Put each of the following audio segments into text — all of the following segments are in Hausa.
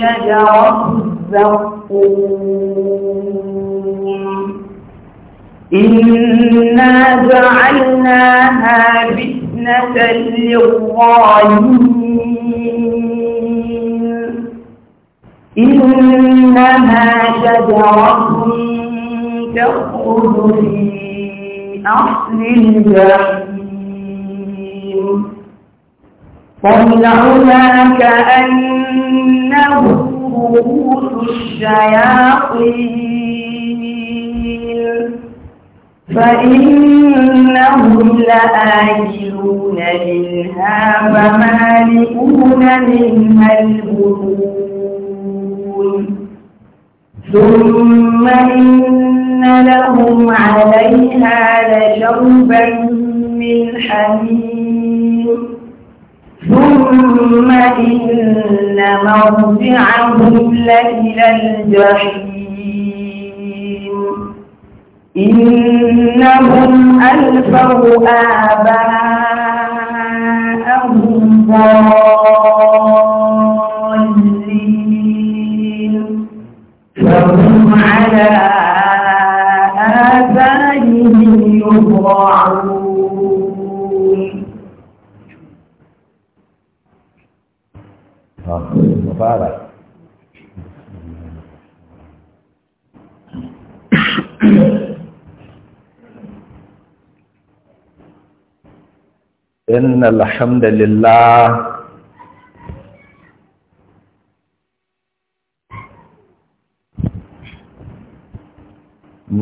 الزقوم إنا جعلناها فتنة للظالمين إنها شجرة تخرج في أصل الجحيم طلعها كأنه رؤوس الشياطين فإنهم لآكلون منها فمالئون منها البطون ثم إن لهم عليها لشربا من حميم ثم إن مرجعهم لإلى الجحيم إنهم ألفوا آباءهم ضالين fara إن الحمد لله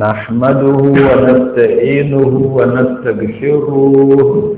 نحمده ونستعينه ونستغفره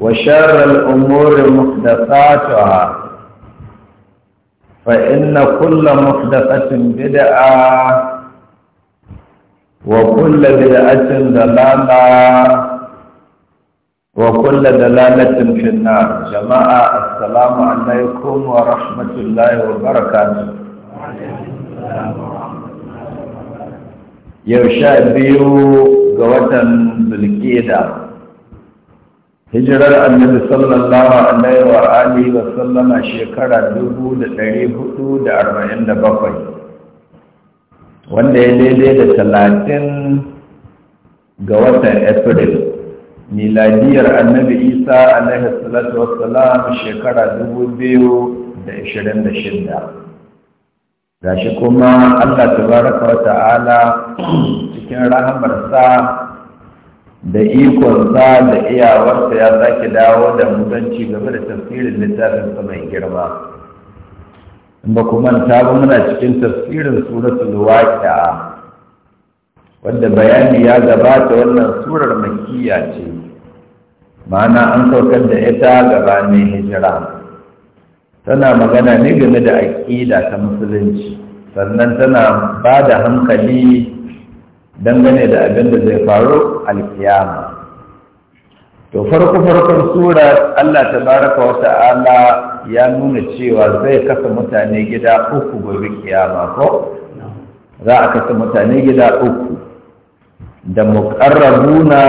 وشر الأمور محدثاتها فإن كل محدثة بدعة وكل بدعة ضلالة وكل دلالة في النار جماعة السلام عليكم ورحمة الله وبركاته يوشا بيو قوة بالكيدة hijirar annabi sallallahu alaihi wa alihi wa sallama shekara 1447 wanda ya daidai da talatin ga watan april miladiyar annabi isa alaihi salatu wassalam shekara 2026 gashi kuma allah tabaraka wa ta'ala cikin rahamarsa da ikonsa da iyawarsa ya sake dawo da mutunci game da tafsirin littafin sa mai girma ba ku manta ba muna cikin tafsirin suratul waqi'a wanda bayani ya gabata wannan surar makkiya ce ma'ana an saukar da ita gabanin hijira tana magana ne game da aƙida ta musulunci sannan tana ba da hankali dangane da abin da zai faru alkiyama to farko farkon sura Allah ta baraka wa ta'ala ya nuna cewa zai kasa mutane gida uku gobe kiyama ko za a kasa mutane gida uku da muqarrabuna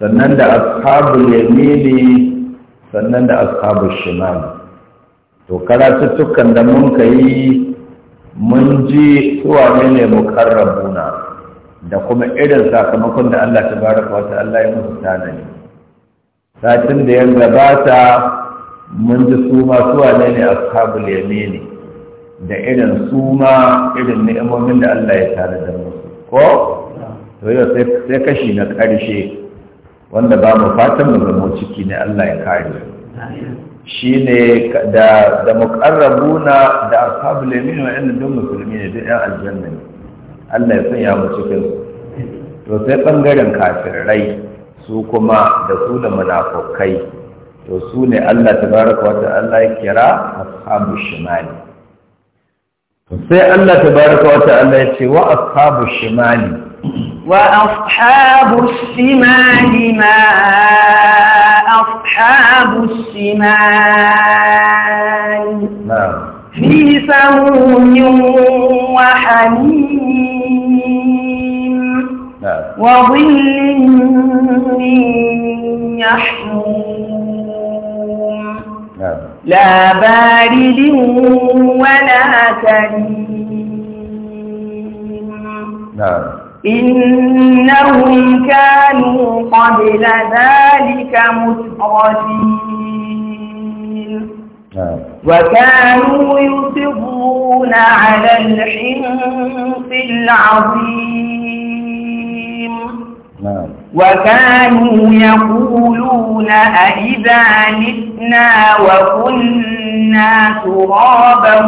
sannan da ashabul yamini sannan da ashabul shimali to tukkan da mun kai mun ji suwa ne mukarrabuna da kuma irin sakamakon da Allah ta baraka wata, Allah ya musu tanani satin da ya gabata mun ji su ma suwa ne ne ashabul yamini da irin su ma irin ni'imomin da Allah ya tare da musu ko to sai kashi na ƙarshe wanda ba mu fatan mu zama ciki ne Allah ya kare shine da da muqarrabuna da ashabul yamin wa inna dum musulmi ne duk yan aljanna ne Allah ya sanya mu cikin to sai bangaren kafirai su kuma da su da munafikai to su ne Allah tabaraka wa ta'ala ya kira ashabu shimali to sai Allah tabaraka wa ta'ala ya ce wa ashabu shimali wa ashabu shimali ma أصحاب الشمال في نعم. سموم وحميم نعم. وظل من يحموم نعم. لا بارد ولا كريم إنهم كانوا قبل ذلك مترفين وكانوا يصرون على الحنق العظيم نعم. وكانوا يقولون أئذا متنا وكنا ترابا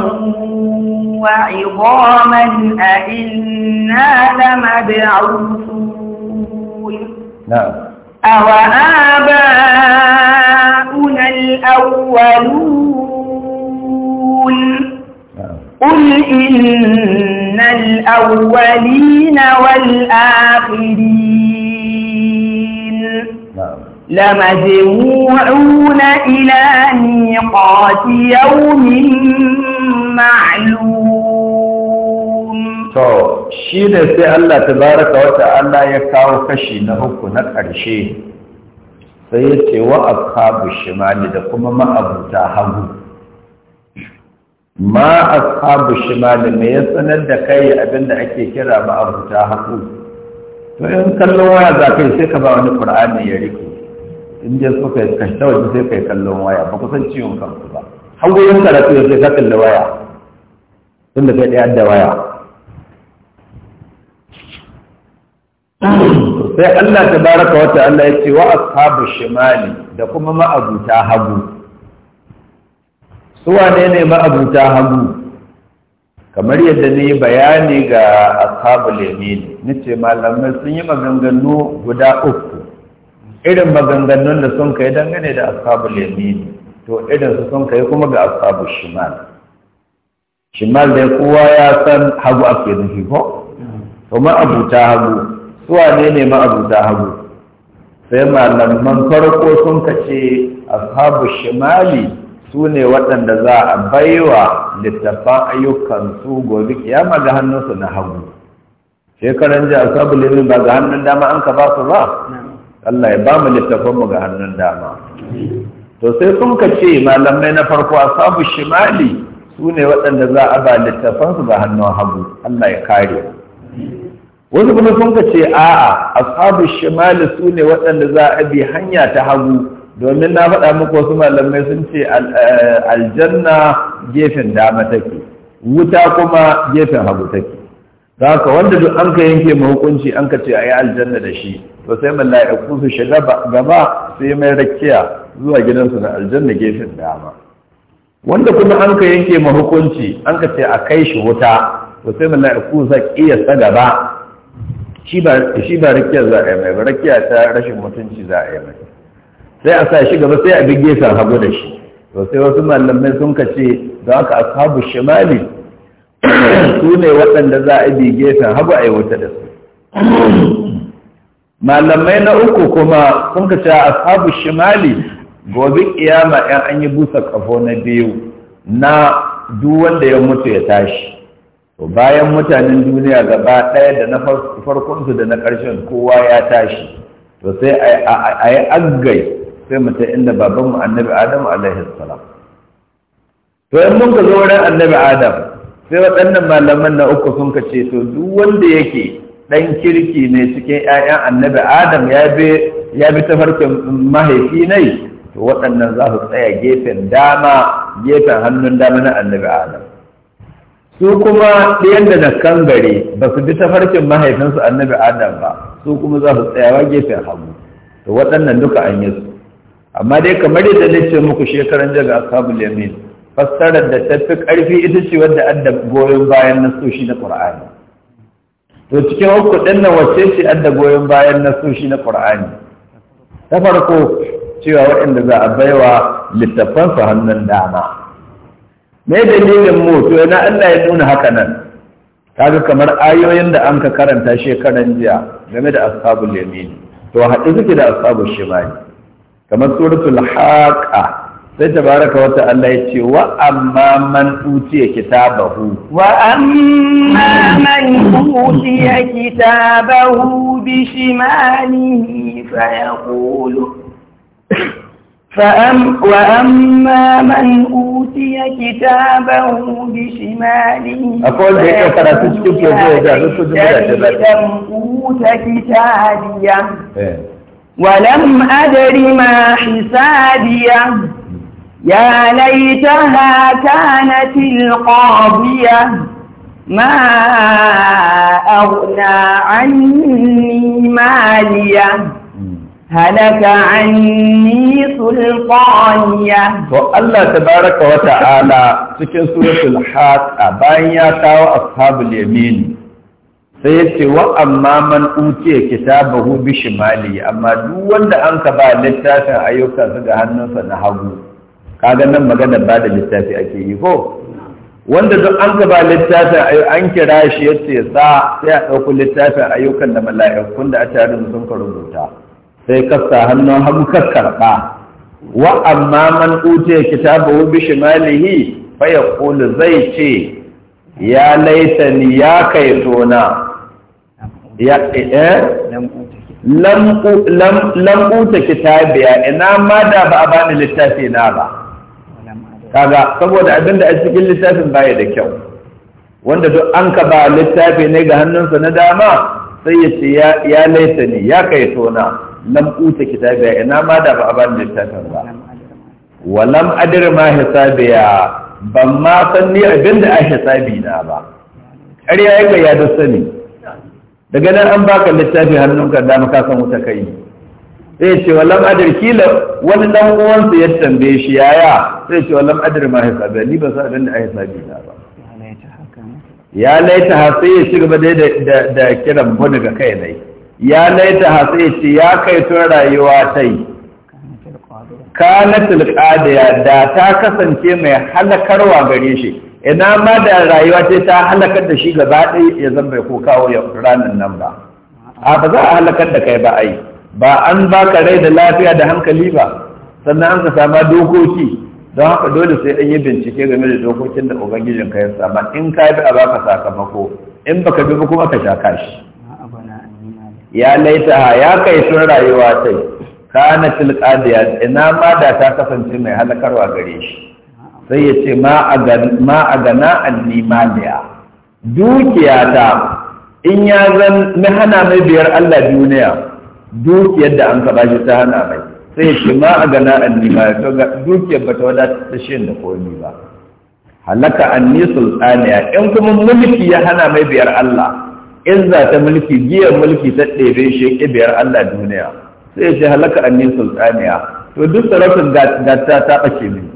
وعظاما أئنا لمبعوثون نعم أوآباؤنا الأولون نعم. قل إن الأولين والآخرين نعم. لمجموعون إلى ميقات يوم معلوم شيد سي الله تبارك وتعالى يكاو كشي نهوك نكر شيه سيسي وأصحاب الشمال دقم ما أبو ma ashabu shimali me ya sanar da kai abinda ake kira ba rubuta haku to in kallon waya za kai sai ka ba wani qur'ani ya rike in je so kai ka tawaje sai kai kallon waya ba kusan ciwon kanku ba har gurin karatu sai ka kallon waya da kai da da waya sai Allah tabaraka wa ta'ala ya ce wa ashabu shimali da kuma ma abuta hagu suwa ne ne ma'abuta hagu kamar yadda ne bayani ga ashabul yamin nace malamai sun yi maganganu guda uku irin maganganun da sun kai dangane da ashabul yamin to irin su sun kai kuma ga ashabul shimal shimal dai kowa ya san hagu ake nufi ko to ma'abuta hagu suwa ne ne ma'abuta hagu sai malaman farko sun kace ashabul shimali su ne waɗanda za a baiwa littattafan ayyukansu gobe kiyama ga hannunsu na hagu shekaran ji asabu limin ba ga hannun dama an ka ba su ba Allah ya ba mu littattafanmu ga hannun dama to sai sun ka ce malamai na farko asabu shimali su ne waɗanda za a ba littattafansu ga hannun hagu Allah ya kare wasu kuma sun ka ce a'a asabu shimali su ne waɗanda za a bi hanya ta hagu domin na faɗa muku wasu malamai sun ce eh, aljanna gefen dama take wuta kuma gefen hagu take za ka wanda duk an ka yanke ma hukunci an ka ce a yi aljanna da shi to sai mala'iku su shiga gaba sai mai rakiya zuwa gidansu na aljanna gefen dama wanda kuma an ka yanke ma hukunci an ka ce a kai shi wuta to sai mala'iku za kiyasta gaba shi ba rakiya za a yi mai ba rakiya ta rashin mutunci za a yi mai sai a sa shi gaba sai a bi gefen hagu da shi to sai wasu malamai sun ka ce da haka ashabu shimali su ne waɗanda za a bi gefen hagu a yi wuta da su malamai na uku kuma sun ka ce ashabu shimali gobe kiyama ɗan an yi busa kafo na biyu na duk wanda ya mutu ya tashi to bayan mutanen duniya gaba ɗaya da na farkonsu da na ƙarshen kowa ya tashi to sai a yi aggai sai mu ta inda babanmu annabi adam alaihi salam to in mun ka zo wurin annabi adam sai waɗannan malaman na uku sun ka ce to duk wanda yake dan kirki ne cikin ƴaƴan annabi adam ya bi ya bi ta farkin mahaifi ne to waɗannan za su tsaya gefen dama gefen hannun dama na annabi adam su kuma ɗayan da na kangare ba su bi ta farkin mahaifinsu annabi adam ba su kuma za su tsayawa gefen hagu to waɗannan duka an yi su amma dai kamar yadda ce muku shekaran jaga ashabul yamin fassarar da ƙarfi ita ce wadda adda goyon bayan nasoshi na qur'ani to cikin uku din nan wacce ce adda goyon bayan nasoshi na qur'ani ta farko cewa waɗanda za a baiwa littafan su hannun dama me dalilin mu to na Allah ya nuna haka nan kaga kamar ayoyin da an ka karanta shekaran jiya game da ashabul yamin to haɗu suke da ashabul shimali kamar suratul haqa sai tabaraka wa ta'ala ya ce wa amma man utiya kitabahu wa amma man utiya kitabahu bi shimalihi fa yaqulu فأم وأما من أوتي كتابه بشماله أقول هيك ترى تشكي كيف يجعل شيئا أوت كتابيه ولم أدر ما حسابي يا ليتها كانت القاضية ما أغنى عني مالية هلك عني سلطانية الله تبارك وتعالى سكن سورة الحاق bayan ya أصحاب اليمين sai ya ce wa amma man utiya kitabahu bi shimali amma duk wanda an ka ba littafin ayyuka su ga hannunsa na hagu kaga nan magana ba da littafi ake yi ko wanda duk an ka ba littafin an kira shi ya ce sa sai a ɗauku littafin ayyukan da mala'ikun da a tare da sun ka rubuta sai kasta hannun hagu ka karɓa wa amma man utiya kitabahu bi shimalihi fa yaqulu zai ce ya laitani ya kai tona ya eh kitabiya ina ma da ba a bani littafi na ba kaga saboda abinda a cikin littafin baya da kyau wanda duk an ka ba littafi ne ga hannunsa na dama sai ya ce ya laita ne ya kai tona lam kitabiya ina ma da ba a bani littafin ba walam adir ma hisabiya ban ma san ni abinda a hisabi na ba ƙarya yake ya da sani daga nan an baka littafi hannunka da maka san wuta kai sai ce wallan adir kila wani dan uwansa ya tambaye shi yaya sai ce wallan adir ma hisabi ni ba sa dan da hisabi na ba ya laita ha sai ya shiga gaba da da kiran mu ga kai dai ya laita ha sai ya ce ya kai tun rayuwa tai kanatul qadiya da ta kasance mai halakarwa gare shi ina ma da rayuwa ce ta halakar da shi gaba ɗaya ya zan bai ko kawo ranar nan ba a ba za a halakar da kai ba ai ba an ba ka rai da lafiya da hankali ba sannan an ka sama dokoki don haka dole sai an yi bincike game da dokokin da ubangijin ka ya sama in ka bi a baka sakamako in baka bi ba kuma ka sha kashi ya laita ya kai sun rayuwa sai kana tilqadiya ina ma da ta kasance mai halakarwa gare shi sai ya ce ma a gana annimaliya dukiya ta in ya zan na hana mai biyar Allah duniya dukiyar da an kaba shi ta hana mai sai ya ce ma a gana annimaliya to ga dukiyar ba ta wada ta shi da komi ba halaka anni sultaniya in kuma mulki ya hana mai biyar Allah in za ta mulki giyar mulki ta ɗebe shi ya biyar Allah duniya sai ya ce halaka anni sultaniya to duk sarautar gata ta ke mini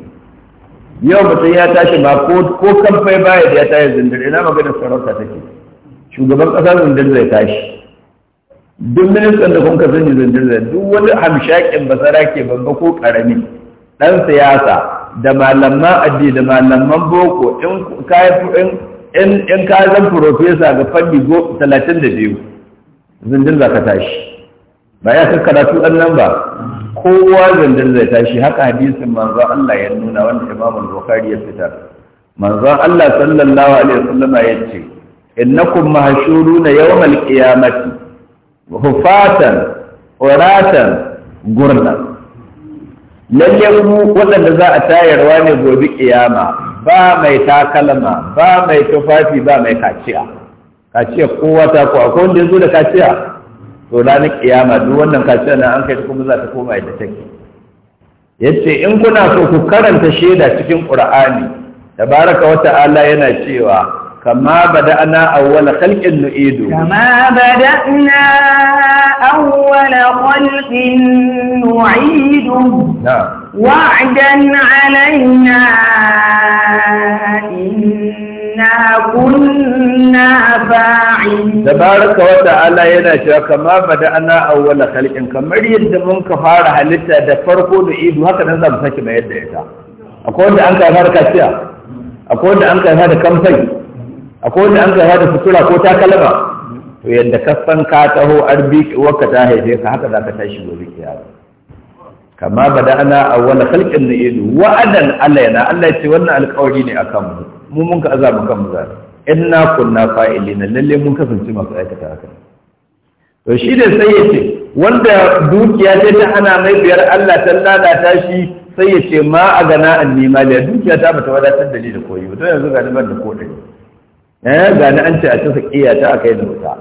yau mutum ya tashi ba ko kamfai baya da ya tashi zindir ina maganar sarauta take shugaban kasa zindir zai tashi duk ministan da kuka sanya zindir zai duk wani hamshakin basara ke babba ko ƙarami ɗan siyasa da malaman addini da malaman boko in ka zan profesa ga fanni talatin da biyu zindir za ka tashi ba ya karatu ɗan nan ba kowa zai tashi haka hadisin manzo Allah ya nuna wanda Imam al-Bukhari ya fitar manzo Allah sallallahu alaihi wasallam ya ce innakum mahshuruna al qiyamati hufatan uratan gurna lalle ku wanda za a tayarwa ne gobe kiyama ba mai takalma ba mai tufafi ba mai kaciya kaciya kowa ta ku akwai wanda ya zo da kaciya to ranar kiyama duk wannan kaciya na an kai kuma za ta koma ita take yace in kuna so ku karanta shaida cikin qur'ani tabaraka wa ta'ala yana cewa kama bada'na awwala khalqin nu'idu kama bada'na awwala khalqin nu'idu wa'dan alaina inna kunna fa'in tabaraka wa ta'ala yana cewa kama bada ana awwala khalqin kamar yadda mun ka fara halitta da farko da ido haka nan zamu saki mai yadda ita akwai wanda an kai fara kaciya akwai wanda an kai fara kamfai akwai wanda an kai fara sutura ko takalma to yadda ka san ka taho arbi waka ta haife ka haka ka tashi gobe kiyama kama bada ana awwala khalqin na ido wa'adan Allah yana Allah ya ce wannan alƙawari ne akan mu mu mun ka azabu kan mu zai in na kunna fa'ilina lalle mun kasance masu aikata haka to shi da sai ya wanda dukiya ce ta hana mai biyar Allah ta lalata shi sai ya ma a gana an nima da dukiya ta bata wadatar da ni da koyi to yanzu ga ban da ko da eh ga ni an ce a cikin kiyaya ta akai da wuta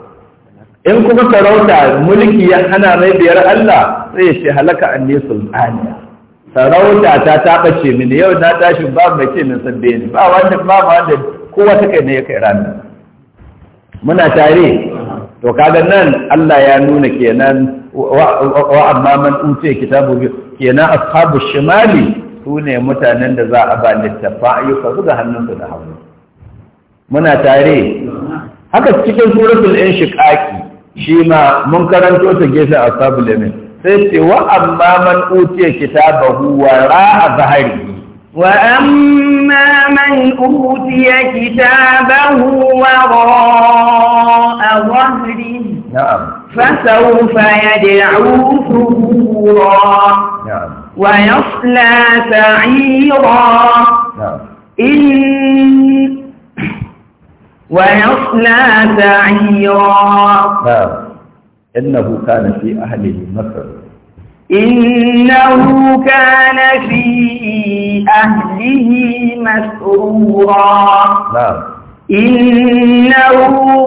in kuma sarauta mulki ya hana mai biyar Allah sai ya ce halaka an ne sultaniya sarauta ta taba ce mini yau na tashi ba mai ce min sabbe ni ba wanda ba wanda kowa ta kai ne ya kai ranar muna tare to kaga nan Allah ya nuna kenan wa amma man uce kitabu kenan ashabu shimali sune mutanen da za a ba littafa ayyuka su ga hannunsu da hagu muna tare haka cikin suratul inshiqaqi shi ma mun karanto ta gefen ashabul yamin sai ce wa amma man utiya kitabahu wa ra'a zahari وأما من أوتي كتابه وراء ظهره نعم. فسوف يدعو ثبورا نعم. ويصلى سعيرا نعم. إن ويصلى سعيرا نعم. إنه كان في أهله مسرورا إنه كان في أهله مسرورا إنه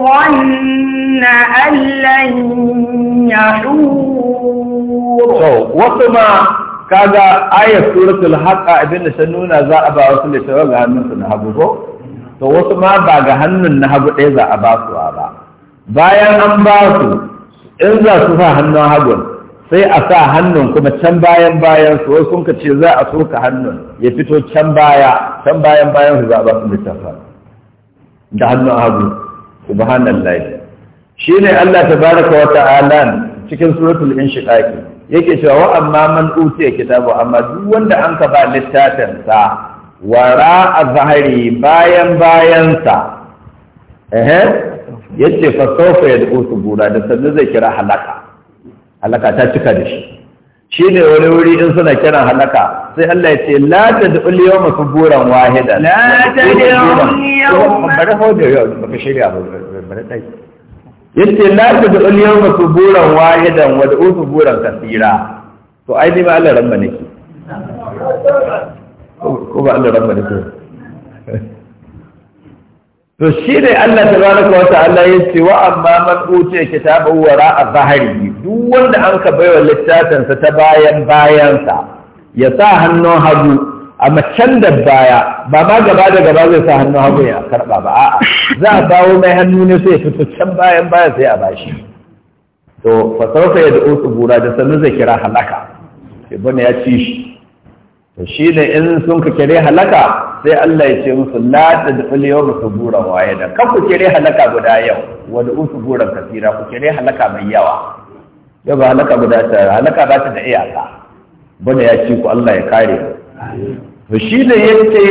ظن أن لن يحور أو وكما كذا آية سورة الحق ابن سنونا ذا أبا رسول الله عليه وسلم تو wasu ma ba ga hannun na hagu ɗaya za a in za su sa hannun hagun sai a sa hannun kuma can bayan bayan su wasu sun ka ce za a soka hannun ya fito can baya can bayan bayan su za a ba su littafa da hannun hagu subhanallah ne Allah ta baraka wa ta'ala cikin suratul inshiqaqi yake cewa wa amma man utiya kitabu amma duk wanda an ka ba littafin wara a bayan bayan sa yace fa sawfa su subura da sannan zai kira halaka halaka ta cika da shi shine wani wuri in suna kiran halaka sai Allah ya ce la tad'u al-yawma suburan wahida la tad'u al-yawma bare ho da yau baka shirya ba bare dai yace la tad'u al-yawma suburan wahidan wa da'u suburan kasira to ai dai ba Allah ramba nake ko ba Allah rabba nake to shi ne Allah ta wa ta'ala ya ce wa amma man utiya kitabahu wara a zahari duk wanda an ka baiwa littafin sa ta bayan bayan sa ya sa hannun hagu a macen da baya ba ma gaba da gaba zai sa hannun hagu ya karba ba a'a za a dawo mai hannu ne sai ya fito can bayan baya sai a bashi to fa sauka ya da'u tsubura da sannu zai kira halaka ibn ya ci shi to shi ne in sun ka kere halaka sai Allah ya ce musu la ta fili yau su gura waye da kan ku kere halaka guda yau wadda un gura kasira ku kere halaka mai yawa yau ba halaka guda ta halaka za ta da iyaka bane ya ci ku Allah ya kare to shi ne ce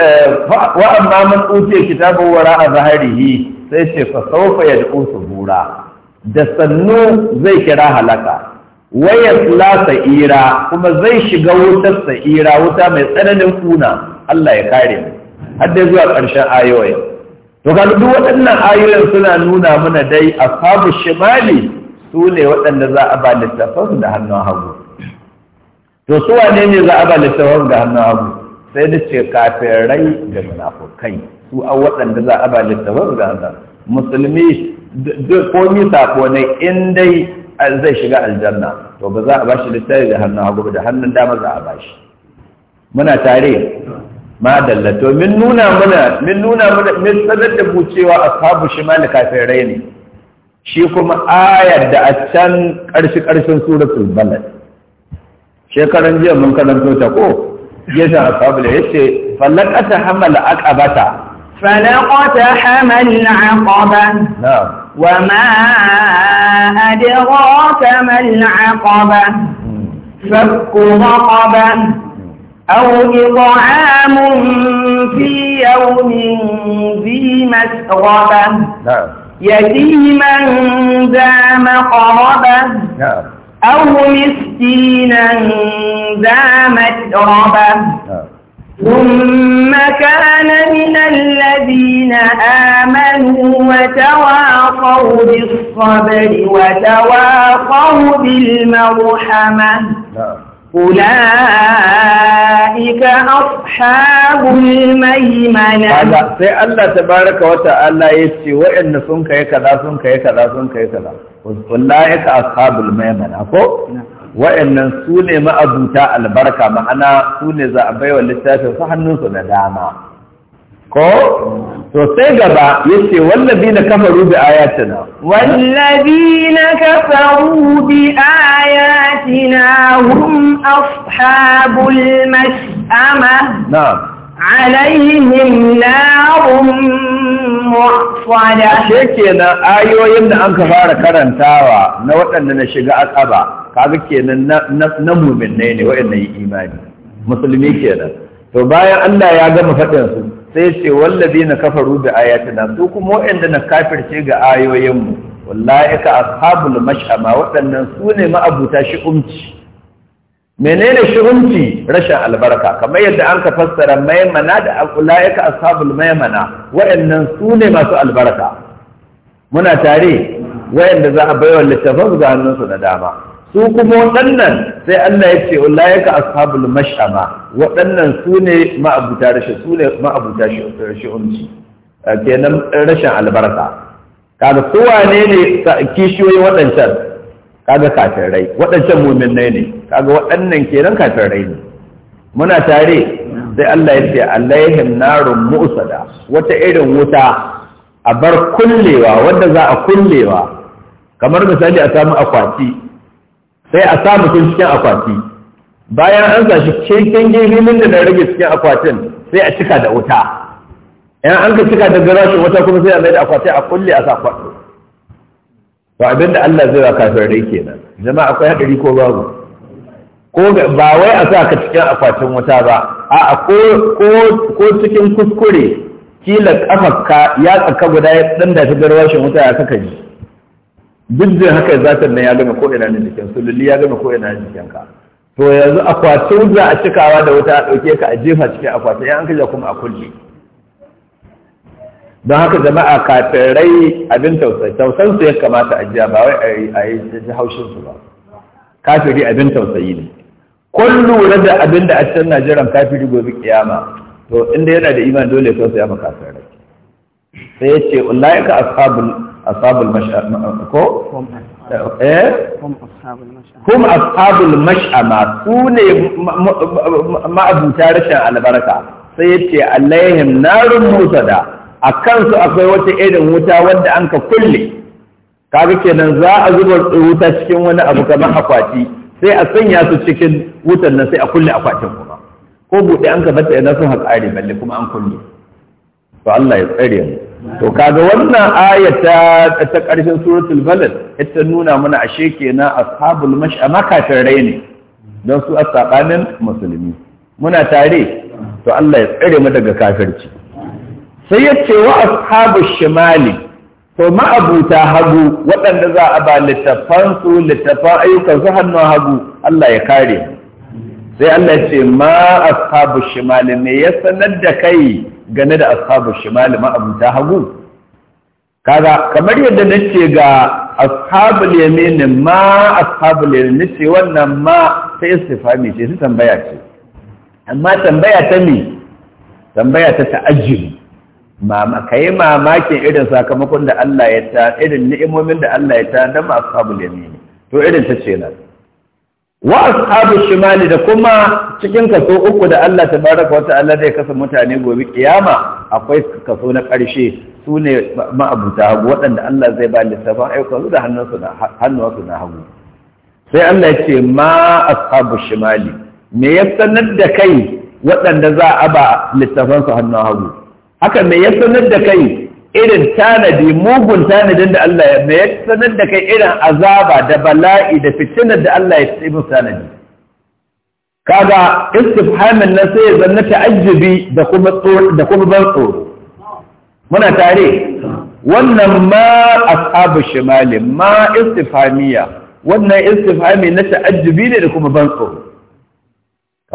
eh, wa amma man uce kitabu wara a zaharihi sai ce fa sawfa yad'u gura da sannu zai kira halaka la sa'ira kuma zai shiga wutar sa'ira wuta mai tsananin kuna Allah ya kare mu har dai zuwa ƙarshen ayoyi to ga duk waɗannan ayoyin suna nuna mana dai ashabu shimali su ne waɗanda za a ba littafin da hannun hagu to su wane ne za a ba littafin da hannun hagu sai da ce kafirai da munafukai su a waɗanda za a ba littafin da hannun musulmi ko ni sako ne in dai zai shiga aljanna to ba za a bashi littafi da hannun hagu da hannun dama za a bashi muna tare ma dallato min nuna muna min nuna muna min sanar da mu cewa ashabu shimal kafirai ne shi kuma ayar da a can ƙarshe ƙarshen suratul balad shekaran jiya mun karanto ta ko yasa ashabu da yace falaqata hamal aqabata falaqata hamal aqaba na'am وما أدراك ما العقبة فك رقبة أو إطعام في يوم ذي مسغبة نعم. يتيما ذا مقربة نعم. أو مسكينا ذا متربة نعم. ثم كان من الذين آمنوا وتواصوا بالصبر وتواصوا بالمرحمة نعم. أولئك أصحاب الميمنة هذا سي الله تبارك وتعالى يسي وإن سنك يكذا سنك يكذا سنك يكذا أولئك أصحاب الميمنة أكو؟ نعم wa'annan su ne ma'abuta albarka ma'ana su ne za a baiwa littafin su hannunsu na dama ko gaba sai gaba yace na kafa rubi ayatina na kafa rubi ayatina hum ashabul mash'ama na'am alaihim narun muhsada ashe kenan ayoyin da an ka fara karantawa na waɗanda na shiga asaba kaga kenan na mu'minai ne waɗanda yi imani musulmi kenan to bayan Allah ya gama faɗin su sai ce wallazi na kafaru bi ayatina su kuma waɗanda na kafirce ga ayoyinmu wallahi ka ashabul mash'ama waɗannan su ne ma'abuta shi umci menene shirunci rashin albarka kamar yadda an ka fassara maimana da ulaika ashabul maimana waɗannan su ne masu albarka muna tare waɗanda za a baiwa littafan ga hannunsu na dama su kuma waɗannan sai Allah ya ce ulaika ashabul mashama waɗannan su ne ma'abuta rashin su ne ma'abuta shi'unci kenan rashin albarka kaga su wane ne kishiyoyi waɗancan kaga rai. waɗancan muminai ne kaga waɗannan kenan rai ne muna tare sai Allah ya ce alaihim narun mu'sada wata irin wuta a bar kullewa wanda za a kullewa kamar misali a samu akwati sai a samu sun cikin akwati bayan an sashi shi cikin gefilin da na rage cikin akwatin sai a cika da wuta yan an ka cika da garashin wata kuma sai a mai da akwati a kulle a sa kwaɗo to abin Allah zai wa kafirai kenan jama'a akwai hadari ko babu ko ba wai a sa ka cikin akwatin wuta ba a'a ko ko ko cikin kuskure kila kafarka ya tsaka guda ya dan da ta garwashin wuta ya saka ji duk da haka zatan nan ya gama ko ina ne jikin sululli ya gama ko ina ne cikin ka to yanzu akwatin za a cikawa da wuta a dauke ka a jefa cikin akwatin ya an kaje kuma a kulle don haka jama'a kafirai abin tausayi tausan su ya kamata a jiya ba wai a yi haushin su ba kafiri abin tausayi ne kun lura da abin da a cikin najeriya kafiri gobe kiyama to inda yana da iman dole ya tausaya ma kafirai sai ya ce ulaika ashabul ashabul mash'ama ko eh hum ashabul mash'ama su ne ma'abuta rashin albarka sai ya ce alaihim narun musada a kansu akwai wata irin wuta wadda an ka kulle kaga kenan za a zuba wuta cikin wani abu kamar akwati sai a sanya su cikin wutan nan sai a kulle akwatin kuma ko buɗe an ka bata yana sun haƙari balle kuma an kulle to Allah ya tsare mu to kaga wannan ayata ta ƙarshen suratul balad ita nuna mana ashe kenan ashabul mash'ama rai ne don su asabanin musulmi muna tare to Allah ya tsare mu daga kafirci sai ya ce wa ashabu shimali to ma'abuta hagu waɗanda za a ba littafan su, littafan ayyukan su hannu hagu Allah ya kare sai Allah ce ma ashabu shimali me ya sanar da kai game da ashabu shimali ma'abuta hagu kaga kamar yadda nace ga ashabul yamin ma ashabul yamin nace wannan ma sai istifami ce sai tambaya ce amma tambaya ta ne tambaya ta ta'ajjuli ka yi mamakin irin sakamakon da Allah ya ta irin ni'imomin da Allah ya ta da ma ashabul yamini to irin ta ce na wa abu shimali da kuma cikin kaso uku da Allah ta tabaraka wata'ala zai kasa mutane gobe kiyama akwai kaso na ƙarshe su ne ma'abuta hagu waɗanda Allah zai ba lissafin ayyukan su da hannunsu na hagu sai Allah ya ce ma ashabu shimali me ya sanar da kai waɗanda za a ba littafansu hannun hagu haka me ya sanar da kai irin tanadi mugun tanadin da Allah ya me ya sanar da kai irin azaba da bala'i da fitinar da Allah ya tsibu tanadi kaga istifhamin na sai zanna ta'ajjubi da kuma tsoro da kuma ban tsoro muna tare wannan ma ashabu shimali ma istifhamiya wannan istifhami na ta'ajjubi ne da kuma ban tsoro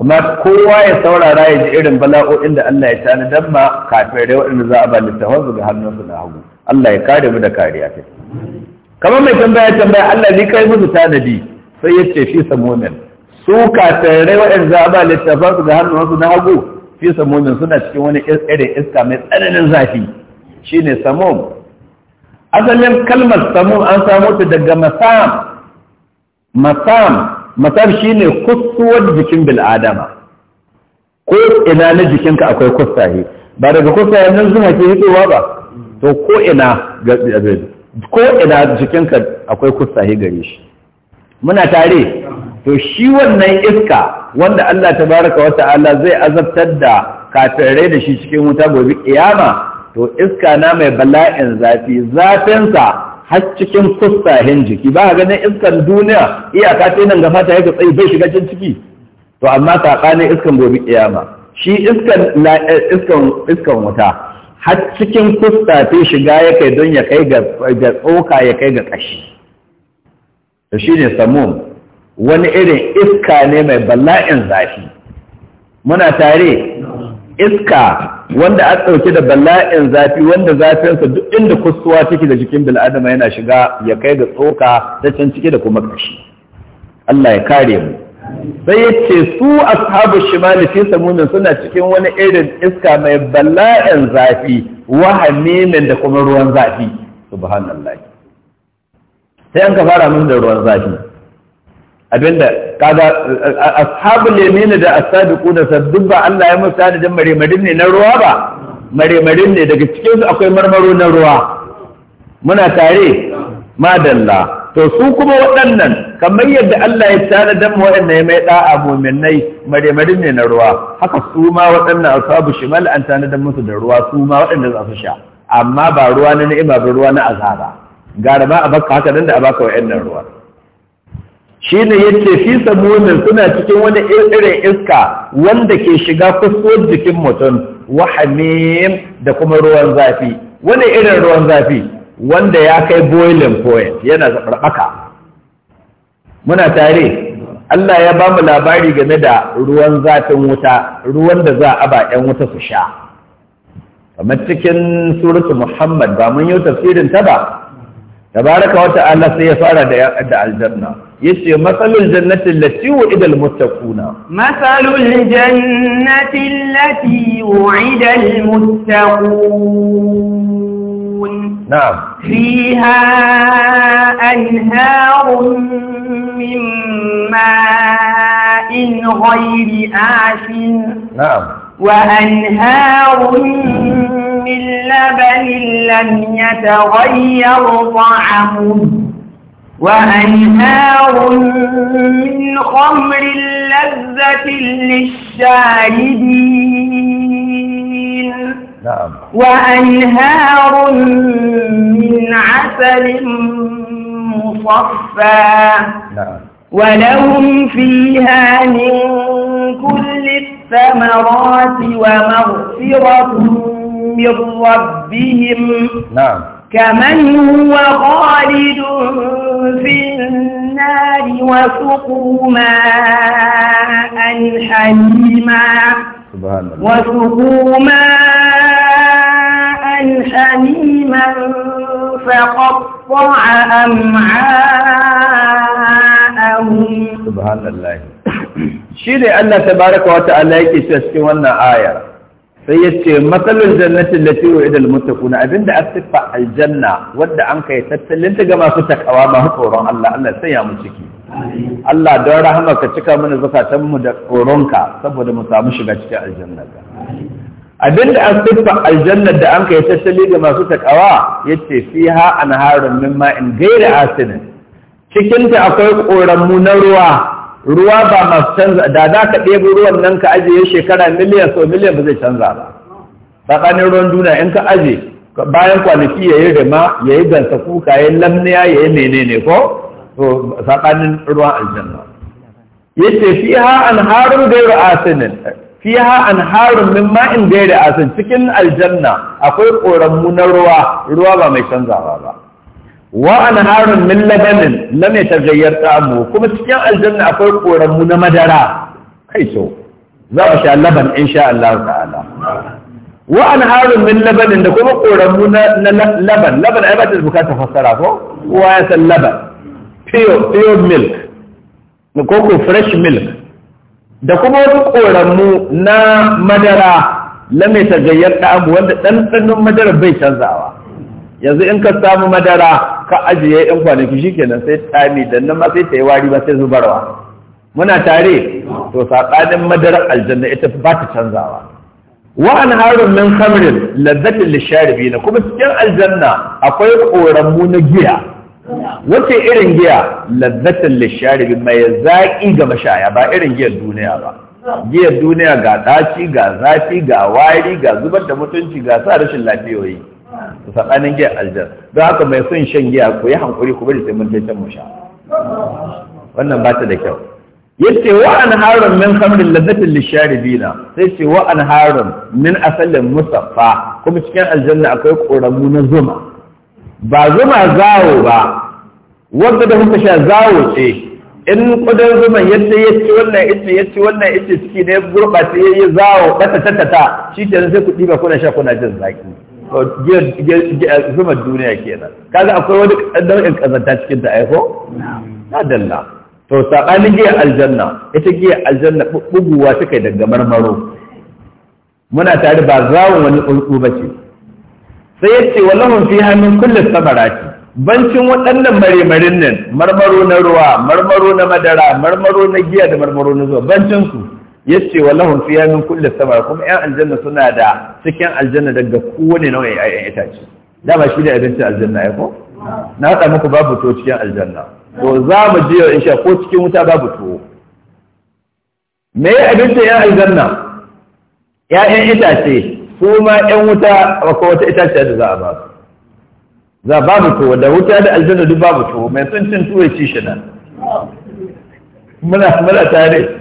amma kowa ya saurara ya ji irin bala'o'in da Allah ya tani dan ma kafirai waɗanda za a ba littafin su ga hannunsu na hagu Allah ya kare mu da kariya ta kamar mai tambaya tambaya Allah ni kai musu tanadi sai ya ce fi samomin su kafirai waɗanda za a ba littafin su ga hannunsu na hagu fi samomin suna cikin wani irin iska mai tsananin zafi shine samom asalin kalmar samom an samo ta daga masam masam matsar shi ne kusuwar jikin bil'adama ko ina na jikinka akwai kusaye ba daga kusaye nan zuma ke hitowa ba to ko ina ga ko ina jikinka akwai kusaye gare shi muna tare to shi wannan iska wanda Allah Ta tabaraka wata Allah zai azabtar da kafirai da shi cikin wuta gobe kiyama to iska na mai bala'in zafi zafinsa har cikin kustahin jiki ba ganin iskan duniya iyaka ce nan gaba ta yake tsayi bai shiga cikin ciki to amma sakanin iskan gobe kiyama shi iskan eh, iskan iskan wuta har cikin ta shiga ya don ya kai ga tsoka ya kai ga ƙashi to shi ne samun wani irin iska ne mai bala'in zafi muna tare iska wanda a ɗauke da bala'in zafi wanda zafinsa duk inda kustuwa take da jikin bil'adama yana shiga ya kai ga tsoka ta can cike da kuma ƙashi Allah ya kare mu sai ya ce su ashabu shimali fi samunin suna cikin wani irin iska mai bala'in zafi wahamimin da kuma ruwan zafi subhanallah sai an ka fara mun da ruwan zafi abinda kaga ashabul yamin da asabiqu da ba Allah ya musa musu adadin maremarin ne na ruwa ba maremarin ne daga cikin su akwai marmaro na ruwa muna tare madalla to su kuma waɗannan kamar yadda Allah ya tsara dan mu waɗannan ya mai da'a mu'minai maremarin ne na ruwa haka su ma waɗannan ashabu shimal an tare da musu da ruwa su ma waɗanda za su sha amma ba ruwa na ni'ima ba ruwa na azaba gara ba a baka haka dan da a baka waɗannan ruwa shine yace fi samunin suna cikin wani irin iska wanda ke shiga kusur jikin mutum wa hamim da kuma ruwan zafi wani irin ruwan zafi wanda ya kai boiling point yana zabarbaka muna tare Allah ya ba mu labari game da ruwan zafin wuta ruwan da za a ba 'yan wuta su sha kamar cikin suratu Muhammad ba mun yi tafsirin ta ba tabaraka wata Allah sai ya fara da aljanna يسير مثل الجنة التي وعد المتقون مثل الجنة التي وعد المتقون نعم فيها أنهار من ماء غير آسن نعم وأنهار من لبن لم يتغير طعمه وأنهار من خمر لذة للشاربين نعم. وأنهار من عسل مصفى نعم. ولهم فيها من كل الثمرات ومغفرة من ربهم نعم كمن هو خالد في النار وسقوا ماء حميما وسقوا ماء حميما فقطع أمعاءهم سبحان الله شيء الله تبارك وتعالى يكي تسكي آية sai ya ce matsalar jannatin da ciwo idal mutakuna abinda a siffa aljanna wadda an kai tattalin ta ga masu takawa su tsoron Allah Allah ya mu ciki Allah don rahama ka cika mana zakatan mu da tsoronka saboda mu samu shiga cikin aljanna abinda an siffa aljanna da an kai tattali ga masu takawa yace fiha anharun min ma'in ghairi asinin Cikinta akwai koran mu na ruwa ruwa ba masu canza da za ka ɗebo ruwan nan ka ajiye shekara miliyan sau miliyan ba zai canza ba tsakanin ruwan duniya in ka aje bayan kwanaki ya yi rima ya yi ganta kuka ya yi lamniya ya yi menene ko tsakanin ruwan aljanna ya ce fi ha an harun gairu asinin fi ha an harun min ma'in gairu asin cikin aljanna akwai ƙoranmu na ruwa ruwa ba mai canzawa ba wa anharun min labanin lam yataghayyar ta'amu kuma cikin aljanna akwai koramu na madara kai so za mu sha laban insha Allah ta'ala wa anharun min labanin da kuma koramu na laban laban ai ba ta bukata fassara ko kowa ya san laban pure pure milk ko ko fresh milk da kuma wasu koramu na madara lam yataghayyar ta'amu wanda ɗanɗanon madara bai canzawa yanzu in ka samu madara ka ajiye yan kwanaki kenan sai tsami da nan ma sai ta yi wari ba sai zubarwa muna tare to saɓanin madarar aljanna ita ba ta canzawa wa an harun min khamrin ladzatin lisharibi na kuma cikin aljanna akwai koranmu na giya wace irin giya ladzatin lisharibi mai zaƙi ga mashaya ba irin giyar duniya ba giyar duniya ga ɗaci ga zafi ga wari ga zubar da mutunci ga sa rashin lafiyoyi tsakanin giya aljar don haka mai son shan giya ku yi hankuri ku bari sai mun can mu sha wannan ba ta da kyau ce wa an harun min khamrin ladatin lisharibina sai ce wa an harun min asalin musaffa kuma cikin aljanna akwai koramu na zuma ba zuma zawo ba wanda da kuka sha zawo ce in kudin zuma yadda ya ce wannan ita ya ce wannan ita ciki ne ya gurɓace ya yi zawo ɓata ta shi ke sai ku ɗiba kuna sha kuna jin zaki zuma duniya kenan kaga akwai wani nau'in kazanta cikin ta aiko na dalla to sabanin giyar aljanna ita giyar aljanna buguwa yi daga marmaro muna tare ba zawon wani tsuntsu ba ce sai ya ce wallahun fi hannun kullum samarati bancin waɗannan marimarin nan marmaro na ruwa marmaro na madara marmaro na giya da marmaro na zuwa bancin yace wallahu fiya min kulli samara kuma ƴan aljanna suna da cikin aljanna daga kowane nau'in ƴaƴan itace dama shi da abincin aljanna ya ko na haɗa muku babu to cikin aljanna to za mu je insha ko cikin wuta babu to me ya abincin ƴan aljanna ƴaƴan itace su ma ƴan wuta ko wata itace da za a ba su za babu to da wuta da aljanna duk babu to mai sun cin tuwo ci shi nan muna muna tare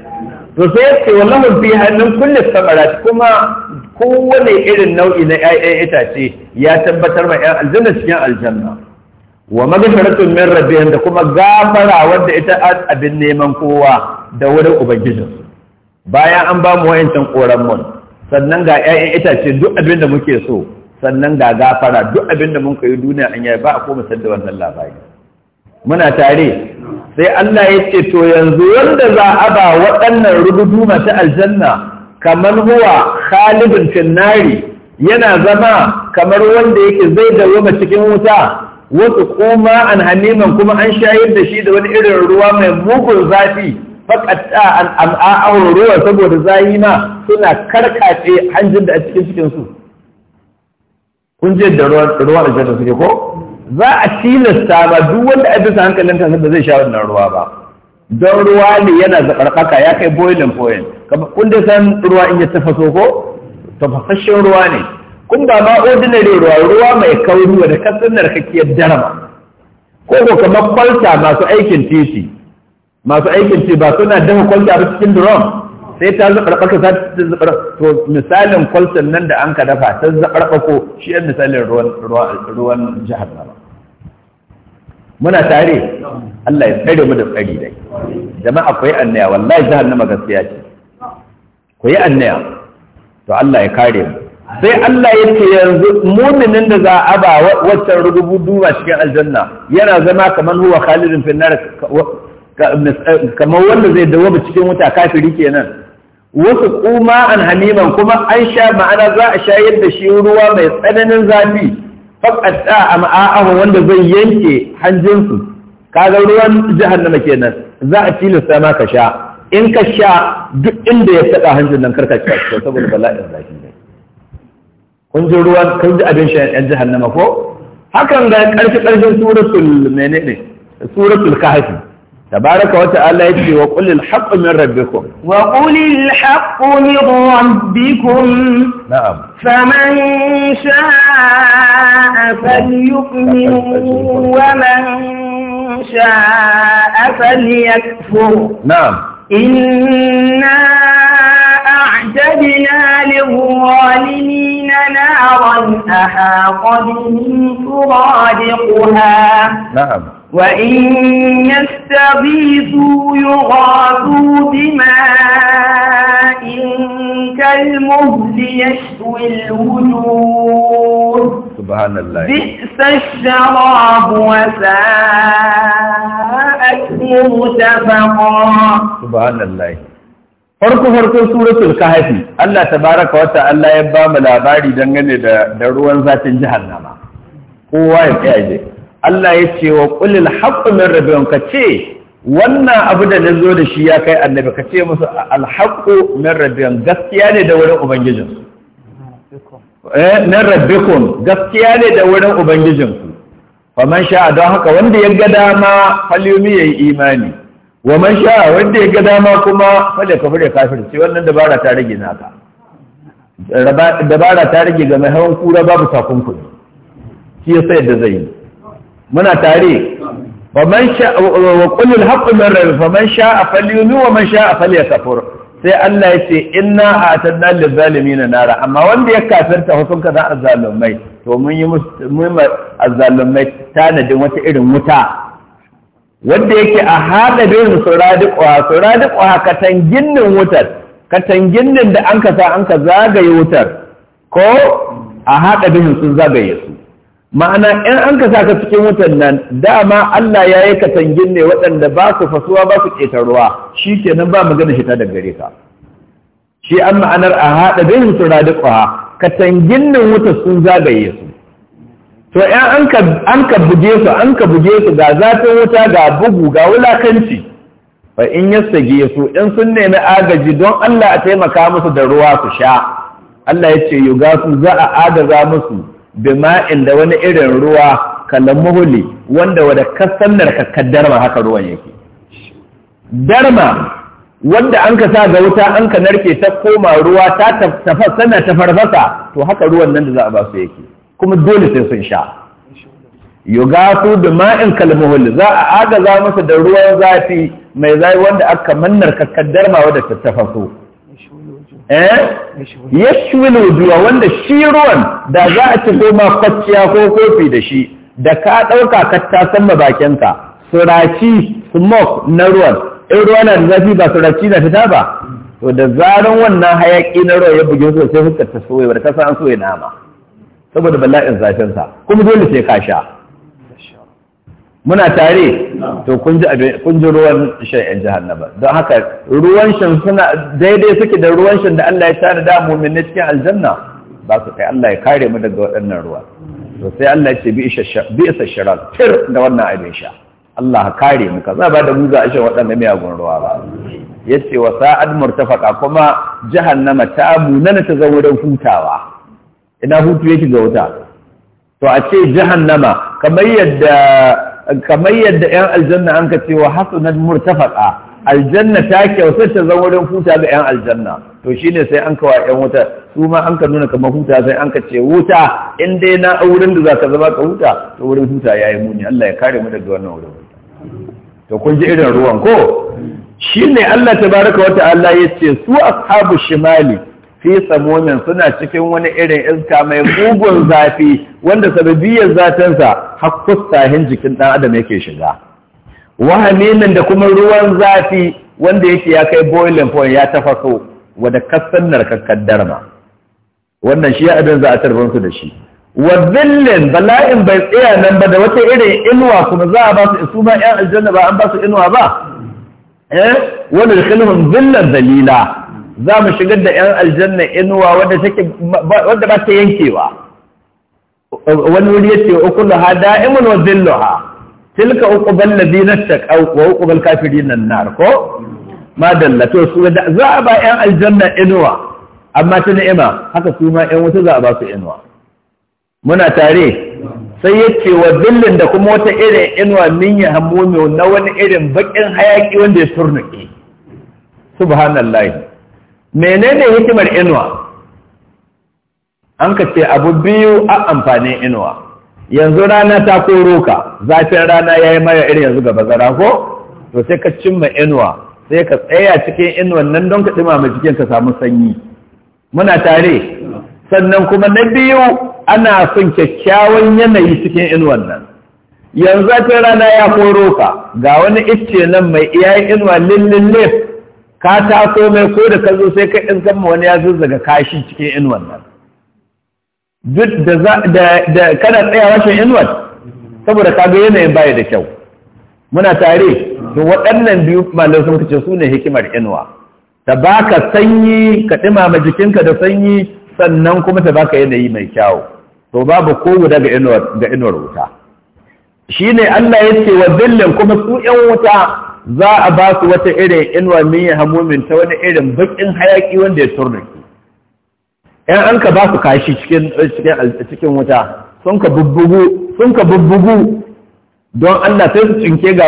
to sai ya ce wallahu hannun kulle samarat kuma kowane irin nau'i na ƴaƴan itace ya tabbatar ma 'yan aljanna cikin aljanna wa maghfiratun min rabbihim da kuma gafara wanda ita abin neman kowa da wurin ubangijin bayan an ba mu wayancan koran mun sannan ga 'ya'yan itace duk abin da muke so sannan ga gafara duk abin da mun kai duniya an yi ba a koma da wannan labari muna tare sai Allah ya ce to yanzu wanda za a ba waɗannan rubutu masu aljanna kamar huwa halibin finnari yana zama kamar wanda yake zai dawoma cikin wuta wasu kuma an haniman kuma an shayar da shi da wani irin ruwa mai mugun zafi faƙatta an am'a'awar ruwa saboda zayi ma suna karkace hanjin da a cikin cikinsu kun je da ruwan aljanna suke ko za a tilasta ba duk wanda a bisa hankalin ta ba zai sha wannan ruwa ba don ruwa ne yana zakarkaka ya kai boiling point kun dai san ruwa in ya tafaso ko tafasashen ruwa ne kun ba ma ordinary ruwa ruwa mai kauri wanda kasan narkakiyar darama ko ko kamar kwalta masu aikin titi masu aikin titi ba suna dafa kwalta a cikin drum sai ta zaɓarɓaka za ta zaɓarɓa to misalin kwalsan nan da an ka dafa ta zaɓarɓako shi yan misalin ruwan jihar nama muna tare Allah ya tsare mu da tsari dai jama'a ku yi annaya wallahi jahannama gaskiya ce ku yi annaya to Allah ya kare mu sai Allah ya ce yanzu muminin da za a ba waccan rububu duba cikin aljanna yana zama kamar huwa khalidin fil nar eh, kamar wanda zai dawaba cikin wuta kafiri kenan wasu kuma an hamiman kuma an sha ma'ana za a shayar da shi ruwa mai tsananin zafi faƙaɗa a ma'a'ahu wanda zai yanke hanjinsu kaga ruwan nama kenan za a tilasta ma ka sha in ka sha duk inda ya taɓa hanjin nan karka sha saboda bala'in zafi ne kun ji ruwan kun ji abin shan yan jahannama ko hakan ga ƙarfi ƙarfin suratul menene suratul kahfi تبارك وتعالى يجي وقل الحق من ربكم وقل الحق من ربكم نعم فمن شاء فليؤمن ومن شاء فليكفر نعم إِنَّا أعتدنا للظالمين نارا أحاط بهم سرادقها نعم وإن يستغيثوا يغاثوا بماء كالمهل يشوي الوجوه سبحان الله بئس الشراب وساءت مرتفقا سبحان الله farko farko suratul kahfi Allah tabaraka wa ta'ala ya ba mu labari dangane da da ruwan zafin jahannama kowa ya tsaye Allah ya ce wa qulil haqqu min rabbikum ka ce wannan abu da nazo da shi ya kai annabi ka ce musu alhaqqu min rabbikum gaskiya ne da wurin ubangijin eh min rabbikum gaskiya ne da wurin ubangijin ku man sha don haka wanda ya ga dama falyumi yayi imani wa man sha wanda ya ga dama kuma fale kafir ya kafir sai wannan dabara ta rage naka dabara ta rage ga mai hawan kura babu takunkumi shi ya sayar da zai yi muna tare wa man sha wa qul al haqqu min rabbi fa man sha falyu'min wa man sha falyakfur sai Allah ya ce inna a'tadna lil zalimin nara amma wanda ya kafirta hukun kaza azzalumai to mun yi mun azzalumai tanadin wata irin wuta wanda yake a haɗa bin suradiƙwa suradiƙwa katanginnin wutar katanginnin da an kasa an ka zagaye wutar ko a haɗa bihin sun zagaye su ma'ana in an kasa ka cikin wutan nan dama Allah ya yi katangin ne waɗanda ba su fasuwa ba su ƙetarwa shi ke nan ba magana shi ta gare ka shi an ma'anar a haɗa bihin suradiƙwa katanginnin wutar sun zagaye su to ya an ka buge su an ka buge su ga zafin wuta ga bugu ga wulakanci fa in yasta su in sun nemi agaji don Allah a taimaka musu da ruwa su sha Allah ya ce ga su za a agaza musu bima'in da wani irin ruwa kalan muhuli wanda wada kasannar ka darma haka ruwan yake darma wanda an ka sa ga wuta an ka narke ta koma ruwa ta tafasa ta farfasa to haka ruwan nan da za a ba su yake kuma dole sai sun sha yugasu da ma'in kalmuhul za a agaza masa da ruwan zafi mai zai wanda aka mannar kakkadar ma wadda ta so eh yashwil wujuwa wanda shi ruwan da za a ci goma kwacciya ko kofi da shi da ka ɗauka ka tasan ma bakinka suraci smoke na ruwan in ruwa na da zafi ba suraci na fita ba to da zaran wannan hayaki na ruwa ya bugi, sosai fuskar ta soye ta san soye nama saboda bala'in zafin sa kuma dole sai ka sha muna tare to kun ji kun ji ruwan shan yan jahannama don haka ruwan shan suna daidai suke da ruwan shan da Allah ya tana da mu'minin cikin aljanna ba su kai Allah ya kare mu daga waɗannan ruwa to sai Allah ya ce bi isa shirar tir da wannan abin sha Allah ka kare mu za ba da mu za a shan waɗannan miyagun ruwa ba yace wa sa'ad murtafaqa kuma jahannama ta munana ta zama wurin hutawa ina hutu yake ga wuta to a ce jahannama kamar yadda kamar yadda ƴan aljanna an ka ce wa hasanat murtafaqa aljanna ta kyauta ta zama wurin huta ga ƴan aljanna to shine sai an kawa ƴan wuta su ma an ka nuna kamar huta sai an ka ce wuta in dai na wurin da zaka zama ka huta to wurin huta yayi muni Allah ya kare mu daga wannan wurin to kun ji irin ruwan ko shine Allah tabaraka wa ta'ala yace su ashabu shimali fi tsamonin suna cikin wani irin iska mai mugun zafi wanda sababiyar zafinsa hakkustahin jikin ɗan adam yake shiga wahaminin da kuma ruwan zafi wanda yake ya kai boiling point ya tafaso wadda kasan narkakkar darma wannan shi abin za a tarbansu da shi zillin bala'in bai tsaya nan ba da wata irin inuwa kuma za a ba su isu ba 'yan aljanna ba an ba su inuwa ba eh wani da zillan zalila za mu shigar da 'yan aljanna inuwa wadda ba ta yankewa wani wuri ya ce ukulu ha da'imun wa zillu ha tilka biyu na taqaw wa ukubal na harko. Ma madalla to su za a ba 'yan aljanna inuwa amma ta ni'ima haka su ma 'yan wuta za a ba su inuwa muna tare sai ya ce wa zillin da kuma wata irin inuwa min ya hamu na wani irin bakin hayaki wanda ya turnuke subhanallahi menene hikimar inuwa an ka ce abu biyu a amfanin inuwa yanzu rana ta koro ka zafin rana ya yi maya irin yanzu gaba zara ko to sai ka cimma inuwa sai ka tsaya cikin inuwan nan don ka ɗimama cikin ka samu sanyi muna tare sannan kuma na biyu ana son kyakkyawan yanayi cikin inuwan nan yanzu zafin rana ya koro ka ga wani icce nan mai iyayen inuwa lillin lif ka ta mai ko da ka zo sai ka in zama wani ya zazzaga kashi cikin inuwar nan duk da za da kana tsaya rashin inuwar saboda ka ga yanayin baya da kyau muna tare to waɗannan biyu malamai sun kace su ne hikimar inuwa ta baka sanyi ka ɗimama jikinka da sanyi sannan kuma ta baka yanayi mai kyawu to babu ko guda ga inuwar wuta shine Allah ya ce wa zillin kuma su 'yan wuta za a ba su wata irin inuwa min ya hamumin ta wani irin bakin hayaki wanda ya ki ‘yan an ka ba su kashi cikin wuta sun ka bubbugu don Allah sai su cinke ga